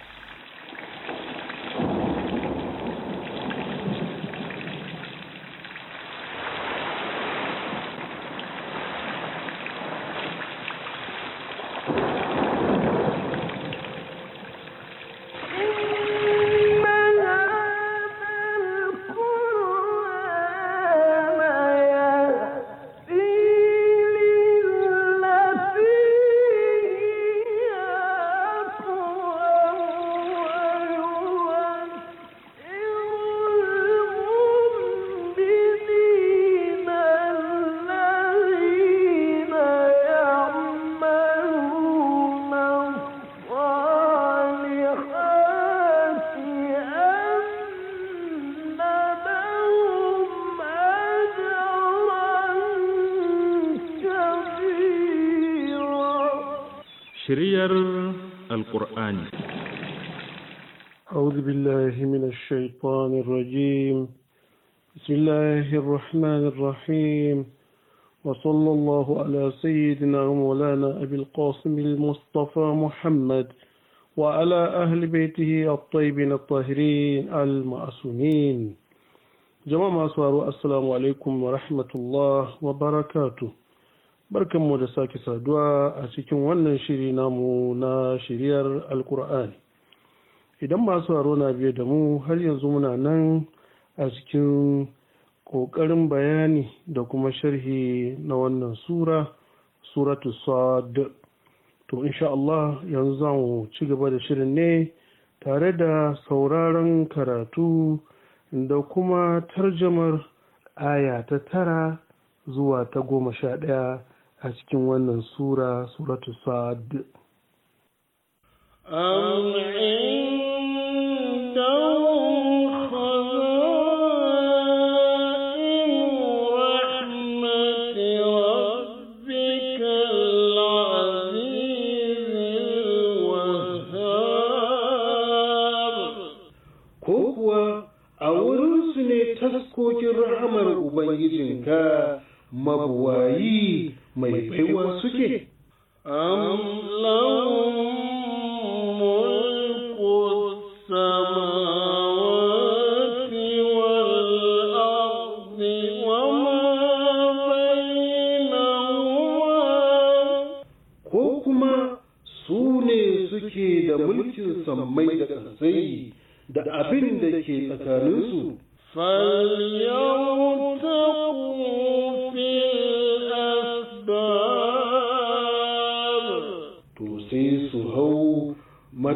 الرحيم وصلى الله على سيدنا مولانا أبي القاسم المصطفى محمد وعلى أهل بيته الطيبين الطاهرين المعصومين جماعة أسوار السلام عليكم ورحمة الله وبركاته barkan mu da sake saduwa a cikin wannan shiri namu na shiriyar alkur'ani idan masu haro na biye da mu har yanzu muna nan a cikin ƙoƙarin bayani da kuma sharhi na wannan sura suratu sad to insha Allah yanzu za mu ci gaba da shirin ne tare da sauraron karatu da kuma tarjamar aya ta tara zuwa ta goma sha ɗaya a cikin wannan sura suratu sad ubangijinka mabuwayi mai baiwa suke am Ko kuma su ne suke da mulkin sammai da ƙasai da abin da ke tsakaninsu. Falyawar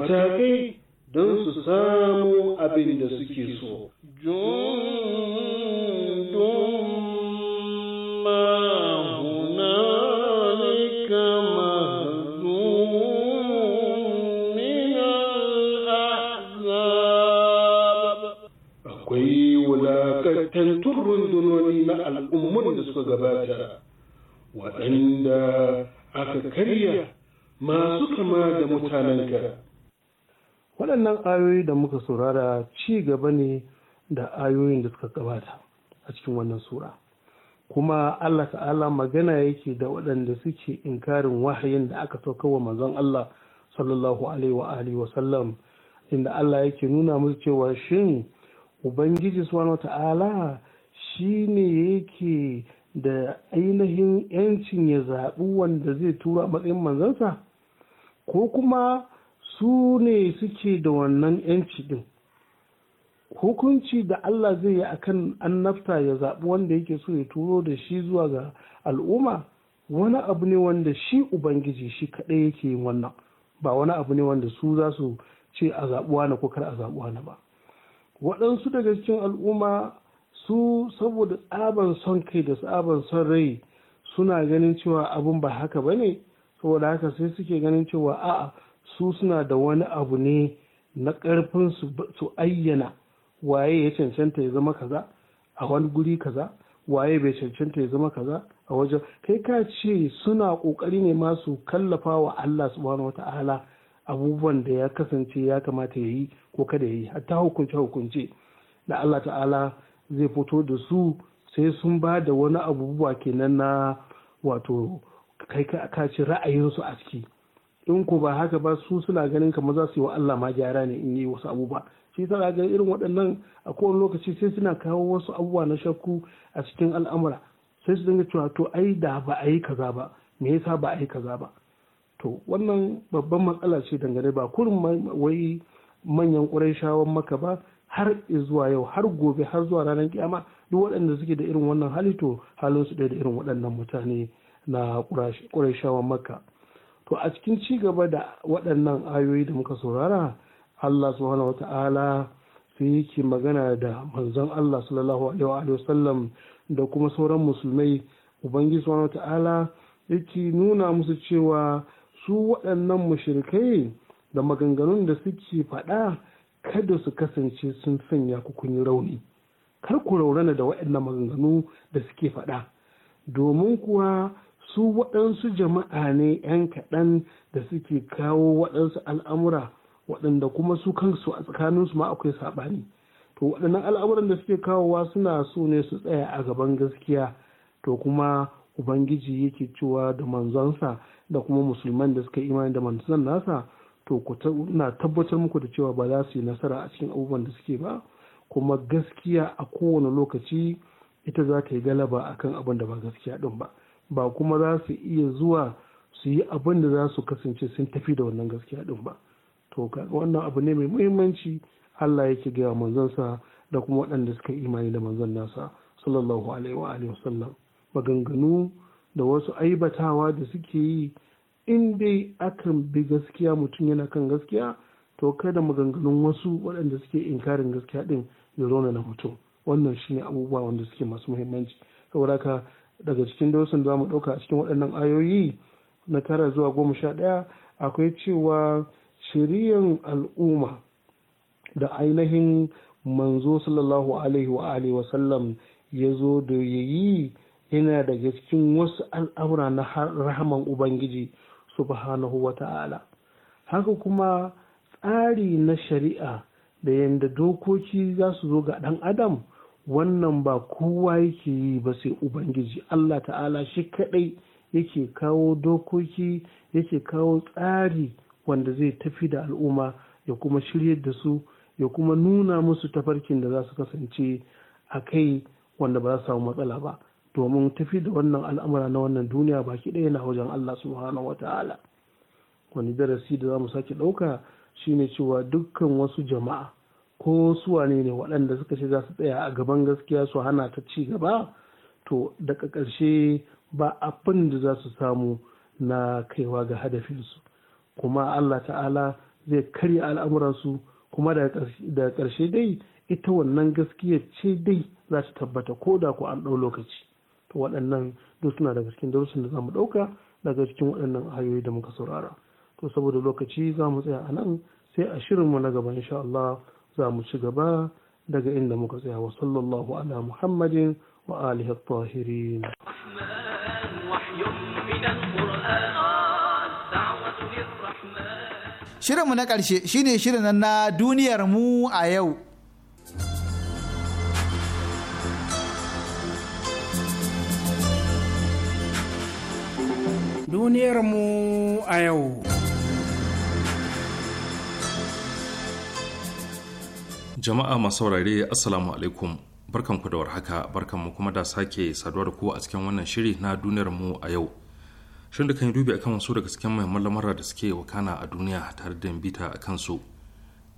matakai don su samu abin da suke so. Akwai wulakantattun rundunoni na al'ummun da suka gabata, waɗanda aka karya masu kama da mutanenka. waɗannan ayoyi da muka saurara ci gaba ne da ayoyin da suka gabata a cikin wannan sura kuma Allah ta'ala magana yake da waɗanda suke inkarin wahayin da aka sauka wa manzon Allah sallallahu alaihi wa alihi wa sallam inda Allah yake nuna musu cewa shin ubangiji subhanahu ta'ala shine yake da ainihin yancin ya zaɓi wanda zai tura matsayin manzansa ko kuma su ne suke da wannan yanci din hukunci da Allah zai yi akan annabta ya zaɓi wanda yake so ya turo da shi zuwa ga al'umma wani abu ne wanda shi ubangiji shi kaɗai yake yin wannan ba wani abu ne wanda su za su ce a zaɓuwa na ko kar a zaɓuwa na ba waɗansu daga cikin al'umma su saboda tsaban son kai da tsaban son rai suna ganin cewa abun ba haka ba ne saboda haka sai suke ganin cewa a'a su suna da wani abu ne na ƙarfin su ayyana waye ya cancanta ya zama kaza a wani guri kaza waye bai cancanta ya zama kaza a wajen kai ka ce suna ƙoƙari ne masu kallafa wa Allah subhanahu wata'ala abubuwan da ya kasance ya kamata ya yi ko kada ya yi hatta hukunce hukunce da Allah ta'ala zai fito da su sai sun ba da wani abubuwa kenan na wato kai ka ci ra'ayinsu a ciki in ku ba haka ba su suna ganin kamar za su yi wa Allah ma gyara ne in yi wasu abubuwa shi ta ga irin waɗannan a kowane lokaci sai suna kawo wasu abubuwa na shakku a cikin al'amura sai su dinga cewa to ai da ba a yi kaza ba me yasa ba a yi kaza ba to wannan babban matsala ce dangane ba kurin wai manyan ƙurayshawan maka ba har zuwa yau har gobe har zuwa ranar kiyama duk waɗanda suke da irin wannan hali to halin su da irin waɗannan mutane na ƙurayshawan maka to a cikin ci gaba da waɗannan ayoyi da muka saurara Allah subhanahu wata'ala sai yake magana da manzon Allah sallallahu alaihi wa sallam da kuma sauran musulmai ubangiji subhanahu wata'ala yake nuna musu cewa su waɗannan mushrikai da maganganun da suke faɗa kada su kasance sun sanya ku kun yi rauni kar ku raurana da waɗannan maganganu da suke faɗa domin kuwa su waɗansu jama'a ne 'yan kaɗan da suke kawo waɗansu al'amura waɗanda kuma su kansu a tsakaninsu ma akwai saɓani to waɗannan al'amuran da suke kawowa suna so ne su tsaya a gaban gaskiya to kuma ubangiji yake cewa da manzonsa da kuma musulman da suka imani da manzon nasa to na tabbatar muku da cewa ba za su yi nasara a cikin abubuwan da suke ba kuma gaskiya a kowane lokaci ita za ta yi galaba akan abin da ba gaskiya din ba ba kuma za su iya zuwa su yi abin da za su kasance sun tafi da wannan gaskiya din ba to wannan abu ne mai muhimmanci Allah yake gaya sa da kuma waɗanda suka imani da manzon nasa sallallahu alaihi wa alihi wasallam maganganu da wasu aibatawa da suke yi in dai akan bi gaskiya mutum yana kan gaskiya to kada maganganun wasu waɗanda suke inkarin gaskiya din ya zo na mutum wannan shine abubuwa wanda suke masu muhimmanci saboda daga cikin dosin za mu ɗauka a cikin waɗannan ayoyi na tara zuwa goma sha ɗaya akwai cewa shiriyan al'umma da ainihin manzo sallallahu alaihi wa alihi wasallam ya zo da ya yi yana daga cikin wasu al'amura na rahaman ubangiji subhanahu wa ta'ala haka kuma tsari na shari'a da yadda dokoki za su zo ga ɗan adam wannan ba kowa yake yi ba sai ubangiji allah ta'ala shi kadai yake kawo dokoki yake kawo tsari wanda zai tafi da al'umma ya kuma shiryar da su ya kuma nuna musu tafarkin da za su kasance a kai wanda ba za su samu matsala ba domin tafi da wannan al'amura na wannan duniya baki ɗaya na wajen allah subhanahu ta'ala wani darasi da za mu sake ɗauka shine cewa dukkan wasu jama'a ko su wane ne waɗanda suka ce za su tsaya a gaban gaskiya su hana ta ci gaba to daga ƙarshe ba abin da za su samu na kaiwa ga hadafinsu kuma allah ta'ala zai karya al'amuransu kuma da ƙarshe dai ita wannan gaskiya ce dai za ta tabbata ko da ku an ɗau lokaci to waɗannan duk suna daga cikin darussan da za mu ɗauka daga cikin waɗannan ayoyi da muka saurara to saboda lokaci za mu tsaya a nan sai a shirinmu na gaba insha Allah za mu ci gaba daga inda muka tsaya wa sallallahu ala muhammadin wa alihi at-tahirin Shirinmu na ƙarshe shine shirin na duniyar mu a yau. Duniyar mu a yau. Jama'a masu saurare Assalamu alaikum ku da warhaka barkanmu kuma da sake saduwa da ku a cikin wannan shiri na duniyar mu a yau. Shin da kan dubi akan wasu daga cikin muhimman lamura da suke wakana a duniya tare da bita a kansu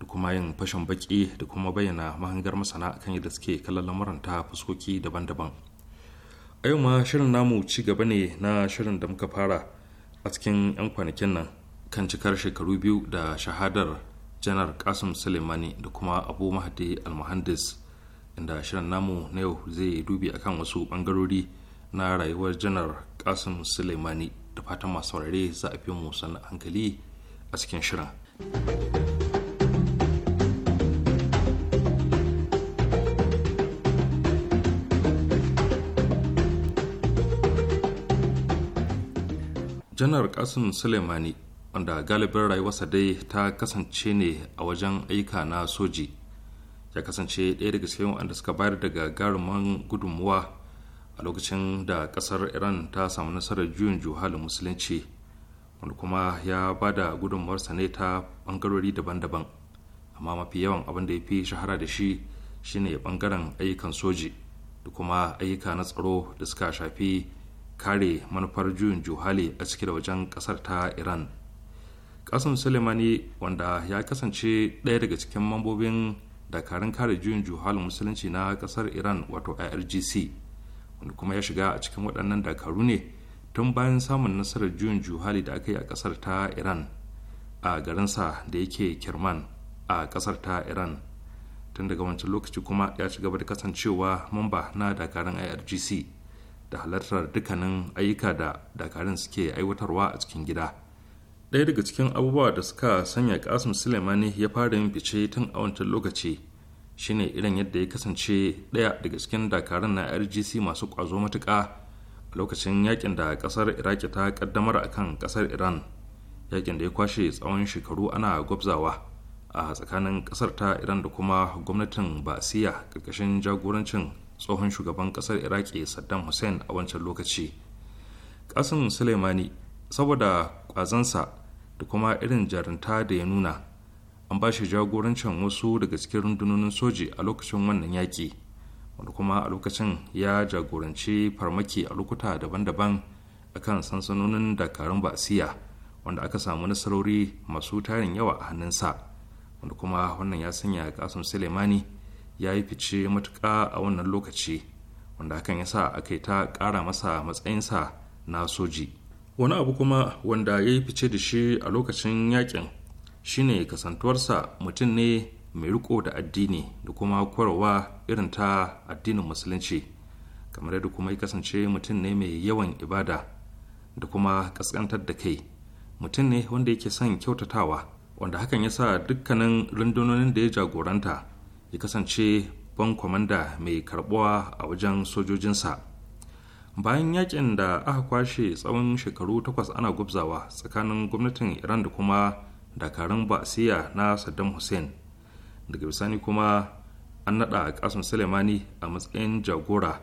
da kuma yin fashin baki da kuma bayyana mahangar masana kan yadda suke kallon lamuran ta fuskoki daban-daban. A yau ma shirin namu ci gaba ne na shirin da muka fara a cikin 'yan kwanakin nan kan cikar shekaru biyu da shahadar janar kasim suleimani da kuma abu mahdi almuhandis inda shirin namu na yau zai dubi akan wasu bangarori na rayuwar janar kasim suleimani da fatan masu saurare za a fi mu sannan hankali a cikin shirin janar kasim suleimani wanda galibin rayuwarsa dai ta kasance ne a wajen aika na soji ya kasance ɗaya daga cikin wanda suka bayar daga garuman gudunmuwa a lokacin da ƙasar iran ta samu nasarar juyin juhalin musulunci wanda kuma ya ba da gudunmuwarsa ne ta ɓangarori daban-daban amma mafi yawan abin da ya fi shahara da shi shine ɓangaren ayyukan soji da kuma ayyuka na tsaro da suka shafi kare manufar juyin juhali a cikin da wajen ƙasar ta iran kasan sulemani wanda ya kasance ɗaya daga cikin mambobin dakarun kare juyin juhalin musulunci na kasar iran wato irgc wanda kuma ya shiga a cikin waɗannan dakaru ne tun bayan samun nasarar juyin juhali da aka yi a kasar ta iran a garinsa da yake kirman a kasar ta iran tun daga wancan lokaci kuma ya ci gaba da kasancewa mamba na dakarun irgc da halartar dukkanin ayyuka da dakarun suke aiwatarwa a cikin gida. ɗaya daga cikin abubuwa da suka sanya kasim suleimani ya fara yin fice tun a wancan lokaci shine irin yadda ya kasance ɗaya daga cikin dakarun na rgc masu ƙwazo matuƙa a lokacin yakin da ƙasar iraki ta ƙaddamar a kan ƙasar iran yakin da ya kwashe tsawon shekaru ana gwabzawa a tsakanin ƙasar ta iran da kuma gwamnatin basiya ƙarƙashin jagorancin tsohon shugaban ƙasar iraki saddam hussein a wancan lokaci kasim suleimani saboda bazansa da kuma irin jarinta da ya nuna an ba shi jagorancin wasu daga cikin rundunonin soji a lokacin wannan yaƙi wanda kuma a lokacin ya jagoranci farmaki a lokuta daban-daban a kan sansanonin dakarun basiya wanda aka samu nasarori masu tarin yawa a hannunsa wanda kuma wannan ya sanya kasim sulemani ya yi fice matuka a wannan lokaci wanda hakan ya sa aka yi ta ƙara masa matsayinsa na soji wani abu kuma wanda ya yi fice da shi a lokacin yakin shine kasantuwarsa mutum ne mai riko da addini da kuma kwarowa irin ta addinin musulunci kamar yadda kuma ya kasance mutum ne mai yawan ibada da kuma kaskantar da kai mutum ne wanda yake son kyautatawa wanda hakan ya sa dukkanin rundunonin da ya jagoranta ya kasance ban kwamanda mai karbuwa a wajen sojojinsa bayan yakin da aka kwashe tsawon shekaru takwas ana gubzawa tsakanin gwamnatin iran da kuma dakarun basiya na saddam hussein daga bisani kuma an naɗa kasim sulemani a matsayin jagora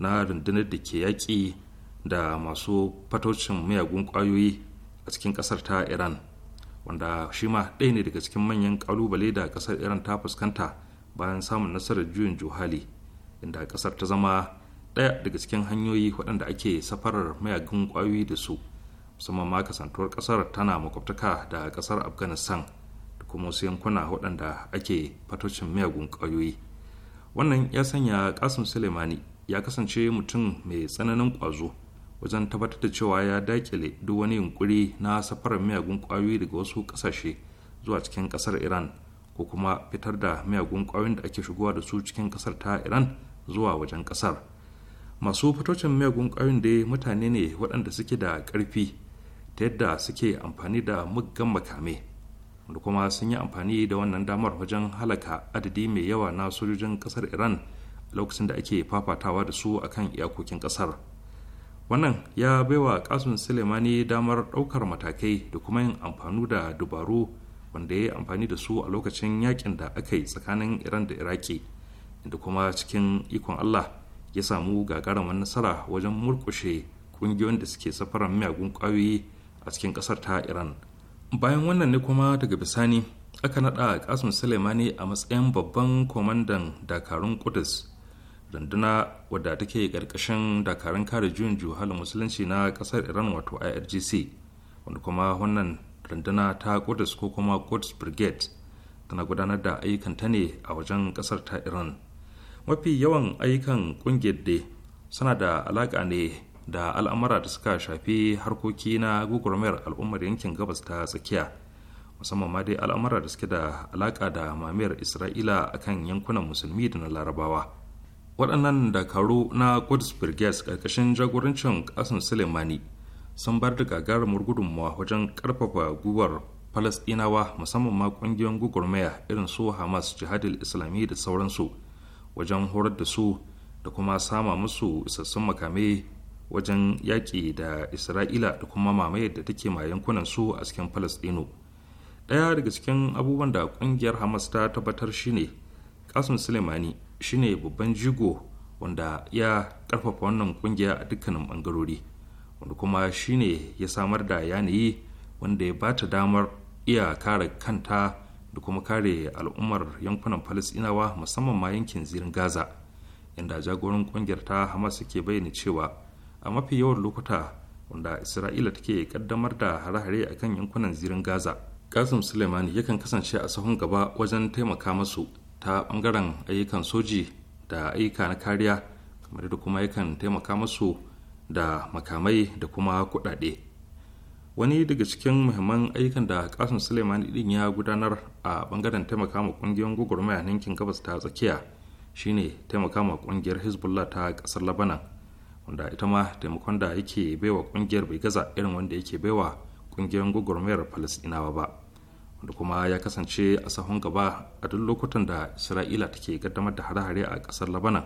na rundunar da ke yaƙi da masu fatocin miyagun ƙwayoyi a cikin ƙasar ta iran wanda shi ma ɗaya ne daga cikin manyan ƙalubale da ƙasar iran ta fuskanta bayan samun nasarar juyin juhali inda ƙasar ta zama ɗaya daga cikin hanyoyi waɗanda ake safarar mayagun ƙwayoyi da su musamman ma kasantuwar ƙasar tana makwabtaka da ƙasar afghanistan da kuma wasu yankuna waɗanda ake fatocin mayagun ƙwayoyi wannan ya sanya kasim suleimani ya kasance mutum mai tsananin ƙwazo wajen tabbatar da cewa ya dakile duk wani yunƙuri na safarar miyagun kwayoyi daga wasu ƙasashe zuwa cikin ƙasar iran ko kuma fitar da miyagun ƙwayoyin da ake shigowa da su cikin ƙasar ta iran zuwa wajen kasar masu fitocin miyagun ƙauyen da mutane ne waɗanda suke da ƙarfi ta yadda suke amfani da muggan makame da kuma sun yi amfani da wannan damar wajen halaka adadi mai yawa na sojojin ƙasar iran lokacin da ake fafatawa da su akan iyakokin ƙasar wannan ya baiwa kasun sulemani damar ɗaukar matakai da kuma yin amfani da dubaru wanda ya yi amfani da su a lokacin yakin da aka yi tsakanin iran da iraki da kuma cikin ikon allah ya samu gagarumin nasara wajen murkushe ƙungiyoyin da suke safaran miyagun kwayoyi a cikin ƙasar ta iran bayan wannan ne kuma daga bisani aka naɗa ƙasim suleimani a matsayin babban kwamandan dakarun kudus runduna wadda take ƙarƙashin dakarun kare juyin juhalin musulunci na ƙasar iran wato irgc wanda kuma wannan runduna ta kudus ko kuma kudus brigade tana gudanar da ayyukanta ne a wajen ƙasar ta iran mafi yawan ayyukan ƙungiyar dai suna da alaƙa ne da al'amura da suka shafi harkoki na gugurmayar al'ummar yankin gabas ta tsakiya musamman ma dai al'amura da suke da alaƙa da mamiyar isra'ila akan yankunan musulmi da na larabawa waɗannan dakaru na Quds Brigades ƙarƙashin jagorancin ƙasan sulemani sun bar da gagarumar gudunmawa wajen ƙarfafa guwar Falasɗinawa musamman ma ƙungiyoyin gugurmaya irin su Hamas, Jihadil Islami da sauransu wajen horar da su da kuma sama musu isassun makamai wajen yaƙi da isra'ila da kuma mamayar da take ma yankunan su a cikin palestino ɗaya daga cikin abubuwan da ƙungiyar hamas ta tabbatar shine kasim sulemani shine babban jigo wanda ya ƙarfafa wannan ƙungiya a dukkanin ɓangarori wanda kuma shine ya samar da yanayi wanda ya bata damar iya kare kanta da kuma kare al'ummar yankunan falasinawa musamman ma yankin zirin gaza inda jagoran kungiyar ta hamas suke bayyana cewa a mafi yawan lokuta wanda isra'ila take kaddamar da hare-hare a kan yankunan zirin gaza kasim suleiman yakan kasance a sahun gaba wajen taimaka masu ta bangaren ayyukan soji da ayyuka na kariya kamar da kuma yakan taimaka masu da makamai da kuma kuɗaɗe. wani daga cikin muhimman ayyukan da kasan suleiman din ya gudanar a bangaren taimaka ma kungiyoyin gwagwarmaya yankin gabas ta tsakiya shine taimaka ma kungiyar hezbollah ta kasar labanan wanda ita ma taimakon da yake baiwa kungiyar bai gaza irin wanda yake baiwa ƙungiyar gwagwarmayar palestinawa ba wanda kuma ya kasance a sahun gaba a duk lokutan da isra'ila take kaddamar da hare-hare a kasar labanan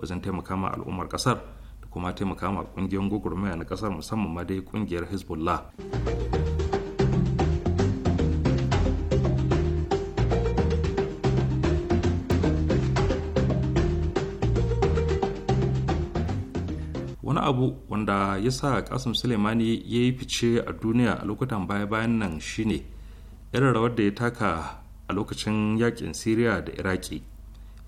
wajen taimaka ma al'ummar kasar kuma taimaka ma kungiyar gwagwarmaya na kasar musamman ma dai kungiyar hezbollah wani abu wanda ya sa kasim suleimani ya yi fice a duniya a lokutan baya-bayan nan shine irin rawar da ya taka a lokacin yakin siriya da iraki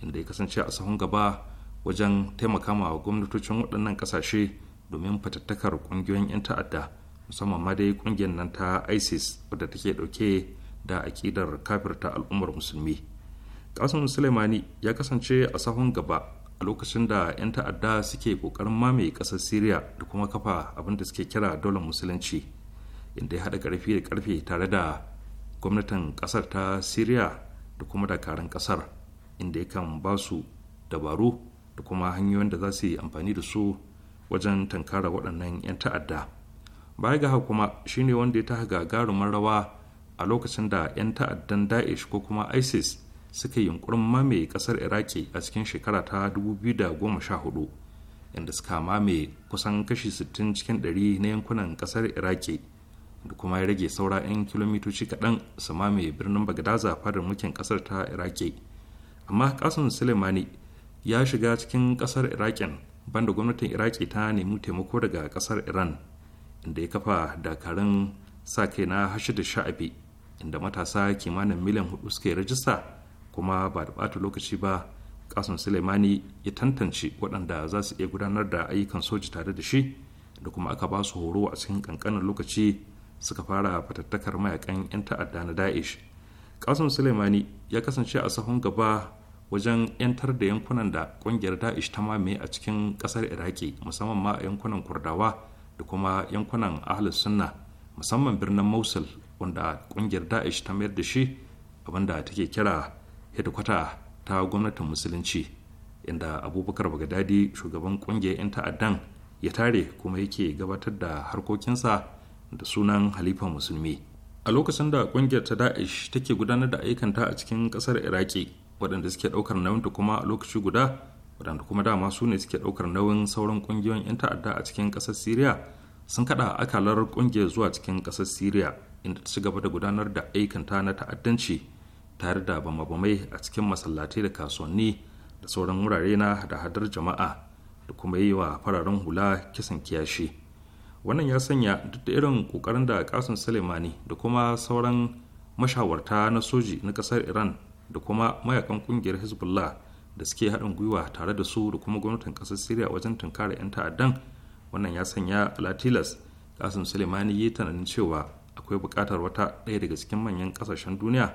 inda ya kasance a sahun gaba wajen taimaka ma gwamnatocin waɗannan ƙasashe domin fatattakar ƙungiyoyin 'yan ta'adda musamman ma dai ƙungiyar nan ta isis wadda take ɗauke da aƙidar kafirta al'ummar musulmi kasim sulaimani ya kasance a sahun gaba a lokacin da 'yan ta'adda suke ƙoƙarin mamaye ƙasar syria da kuma kafa abin da suke kira dole musulunci inda ya haɗa ƙarfi da ƙarfe tare da gwamnatin ƙasar ta syria da kuma dakarun ƙasar inda ya kan ba dabaru da kuma hanyoyin da za su yi amfani da su wajen tankara waɗannan 'yan ta'adda baya ga haka kuma shine wanda ya taha gagarumin rawa a lokacin da 'yan ta'addan daesh ko kuma isis suka yi yunkurin mamaye kasar iraki a cikin shekara ta 2014 inda suka mamaye kusan kashi 60 cikin 100 na yankunan ƙasar iraki da kuma ya rage saura 'yan kilomitoci kaɗan su mamaye birnin bagdaza fadar mulkin kasar ta iraki amma kasan sulemani ya shiga cikin kasar iraƙin banda gwamnatin iraki ta nemi taimako daga kasar iran inda ya kafa dakarun sa kai na hashi da sha'abi inda matasa kimanin miliyan hudu suke rajista kuma ba da ɓata lokaci ba kasan suleimani ya tantance waɗanda za su iya gudanar da ayyukan soji tare da shi da kuma aka ba su horo a cikin kankanin lokaci suka fara fatattakar mayakan 'yan ta'adda na daesh kasan suleimani ya kasance a sahun gaba wajen 'yantar da yankunan da kungiyar da'ish ta mame a cikin kasar iraki musamman ma a yankunan kurdawa da kuma yankunan ahlus sunna musamman birnin mosul wanda kungiyar da'ish ta mayar da shi abinda take kira hedikwata ta gwamnatin musulunci inda abubakar bagadadi shugaban kungiyar 'yan ta'addan ya tare kuma yake gabatar da harkokinsa da sunan halifa musulmi a lokacin da kungiyar ta da'ish take gudanar da aikanta a cikin kasar iraki waɗanda suke ɗaukar nauyin ta kuma a lokaci guda waɗanda kuma dama su ne suke ɗaukar nauyin sauran ƙungiyoyin 'yan ta'adda a cikin ƙasar syria sun kaɗa a akalar ƙungiyar zuwa cikin ƙasar syria inda ta ci gaba da gudanar da aikanta na ta'addanci tare da bama-bamai a cikin masallatai da kasuwanni da sauran wurare na hada-hadar jama'a da kuma yi wa fararen hula kisan kiyashi wannan ya sanya duk da irin kokarin da kasun suleimani da kuma sauran mashawarta na soji na ƙasar iran da kuma mayakan kungiyar hezbollah da suke haɗin gwiwa tare da su da kuma gwamnatin ƙasar syria wajen tunkara 'yan ta'addan wannan ya sanya latilas kasim sulemani ya tunanin cewa akwai buƙatar wata ɗaya daga cikin manyan ƙasashen duniya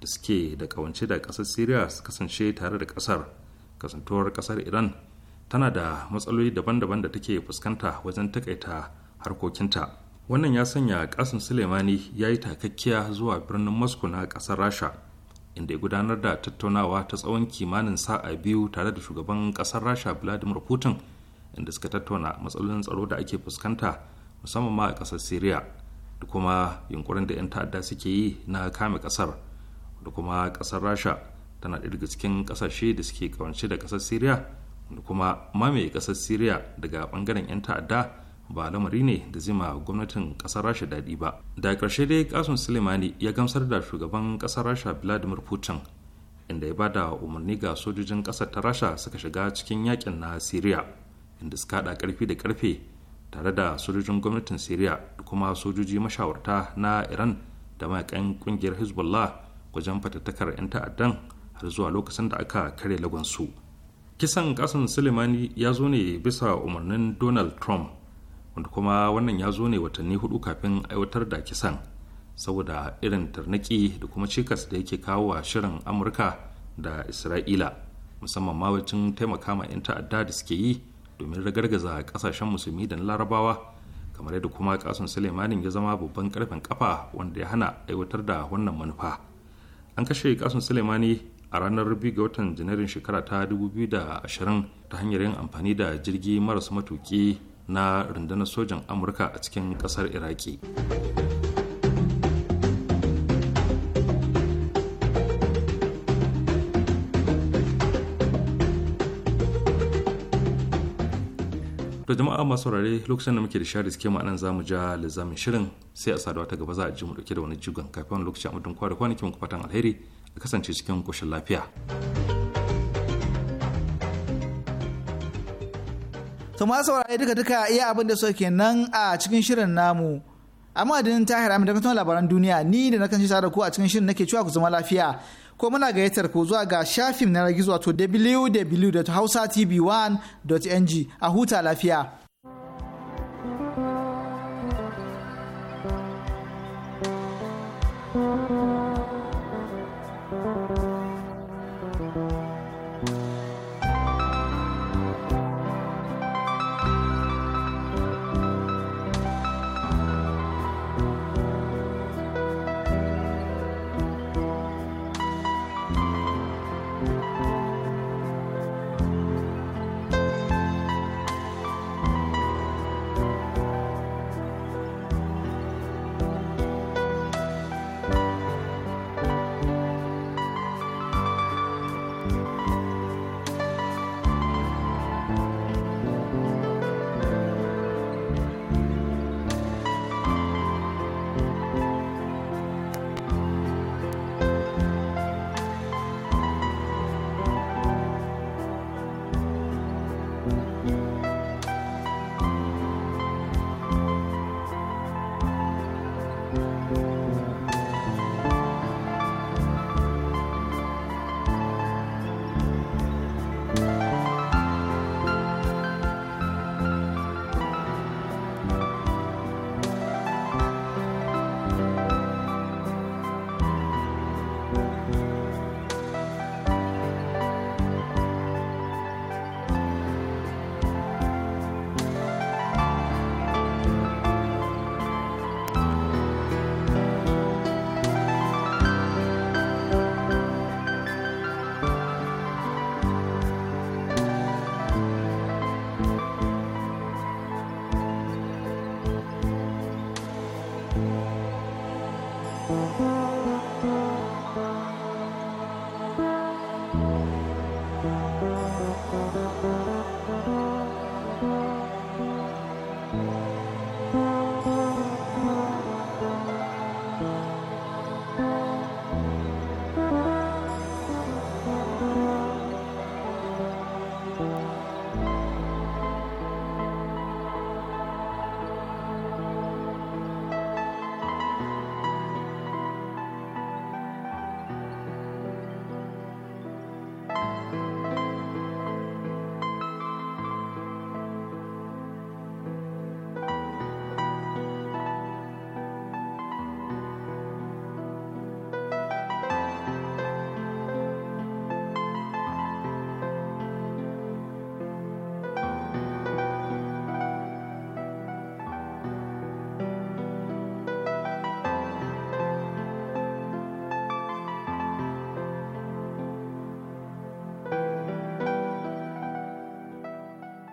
da suke da ƙawance da ƙasar siriya su kasance tare da ƙasar kasantuwar ƙasar iran tana da matsaloli daban-daban da take fuskanta wajen takaita harkokinta wannan ya sanya kasim sulemani ya yi takakkiya zuwa birnin moscow na ƙasar rasha inda ya gudanar da tattaunawa ta tsawon kimanin sa'a biyu tare da shugaban kasar rasha vladimir putin inda suka tattauna matsalolin tsaro da ake fuskanta musamman ma a kasar syria da kuma yunkurin da 'yan ta'adda suke yi na kame kasar da kuma kasar rasha tana daga cikin kasashe da suke kawance da kasar syria da kuma mamaye kasar syria daga bangaren 'yan ta'adda ba lamari ne da zai ma gwamnatin kasar rasha daɗi ba da ƙarshe dai kasun suleimani ya gamsar da shugaban kasar rasha vladimir putin inda ya bada umarni ga sojojin kasar ta rasha suka shiga cikin yakin na syria inda suka haɗa ƙarfi da ƙarfe tare da sojojin gwamnatin syria da kuma sojoji mashawarta na iran da mayakan ƙungiyar hezbollah wajen fatattakar 'yan ta'addan har zuwa lokacin da aka kare lagonsu kisan kasan sulemani ya zo ne bisa umarnin donald trump wanda kuma wannan ya zo ne watanni hudu kafin aiwatar da kisan saboda irin tarnaki da kuma cikas da yake kawo wa shirin amurka da isra'ila musamman ma wacin taimaka ma 'yan ta'adda da suke yi domin ragargaza kasashen musulmi da na larabawa kamar yadda kuma kasan suleimanin ya zama babban karfin kafa wanda ya hana aiwatar da wannan manufa an kashe kasan suleimani a ranar biyu ga watan janairun shekara ta 2020 ta hanyar yin amfani da jirgi marasa matuki na rundunar sojan amurka a cikin kasar iraki da jama'a masu rare lokacin da muke da share suke ma'anan zamu ja lizamin shirin sai a saduwa ta gaba za a ji mu dauke da wani jigon kafin lokacin amudin kwa da kwanakin fatan alheri a kasance cikin koshin lafiya. to ma saurare duka duka iya abin da ke nan a cikin shirin namu amma din tahir amin da kuma labaran duniya ni da na kanci da ku a cikin shirin nake cewa ku zama lafiya ko muna gayyatar ku zuwa ga shafin na gizo wato www.hausatv1.ng a huta lafiya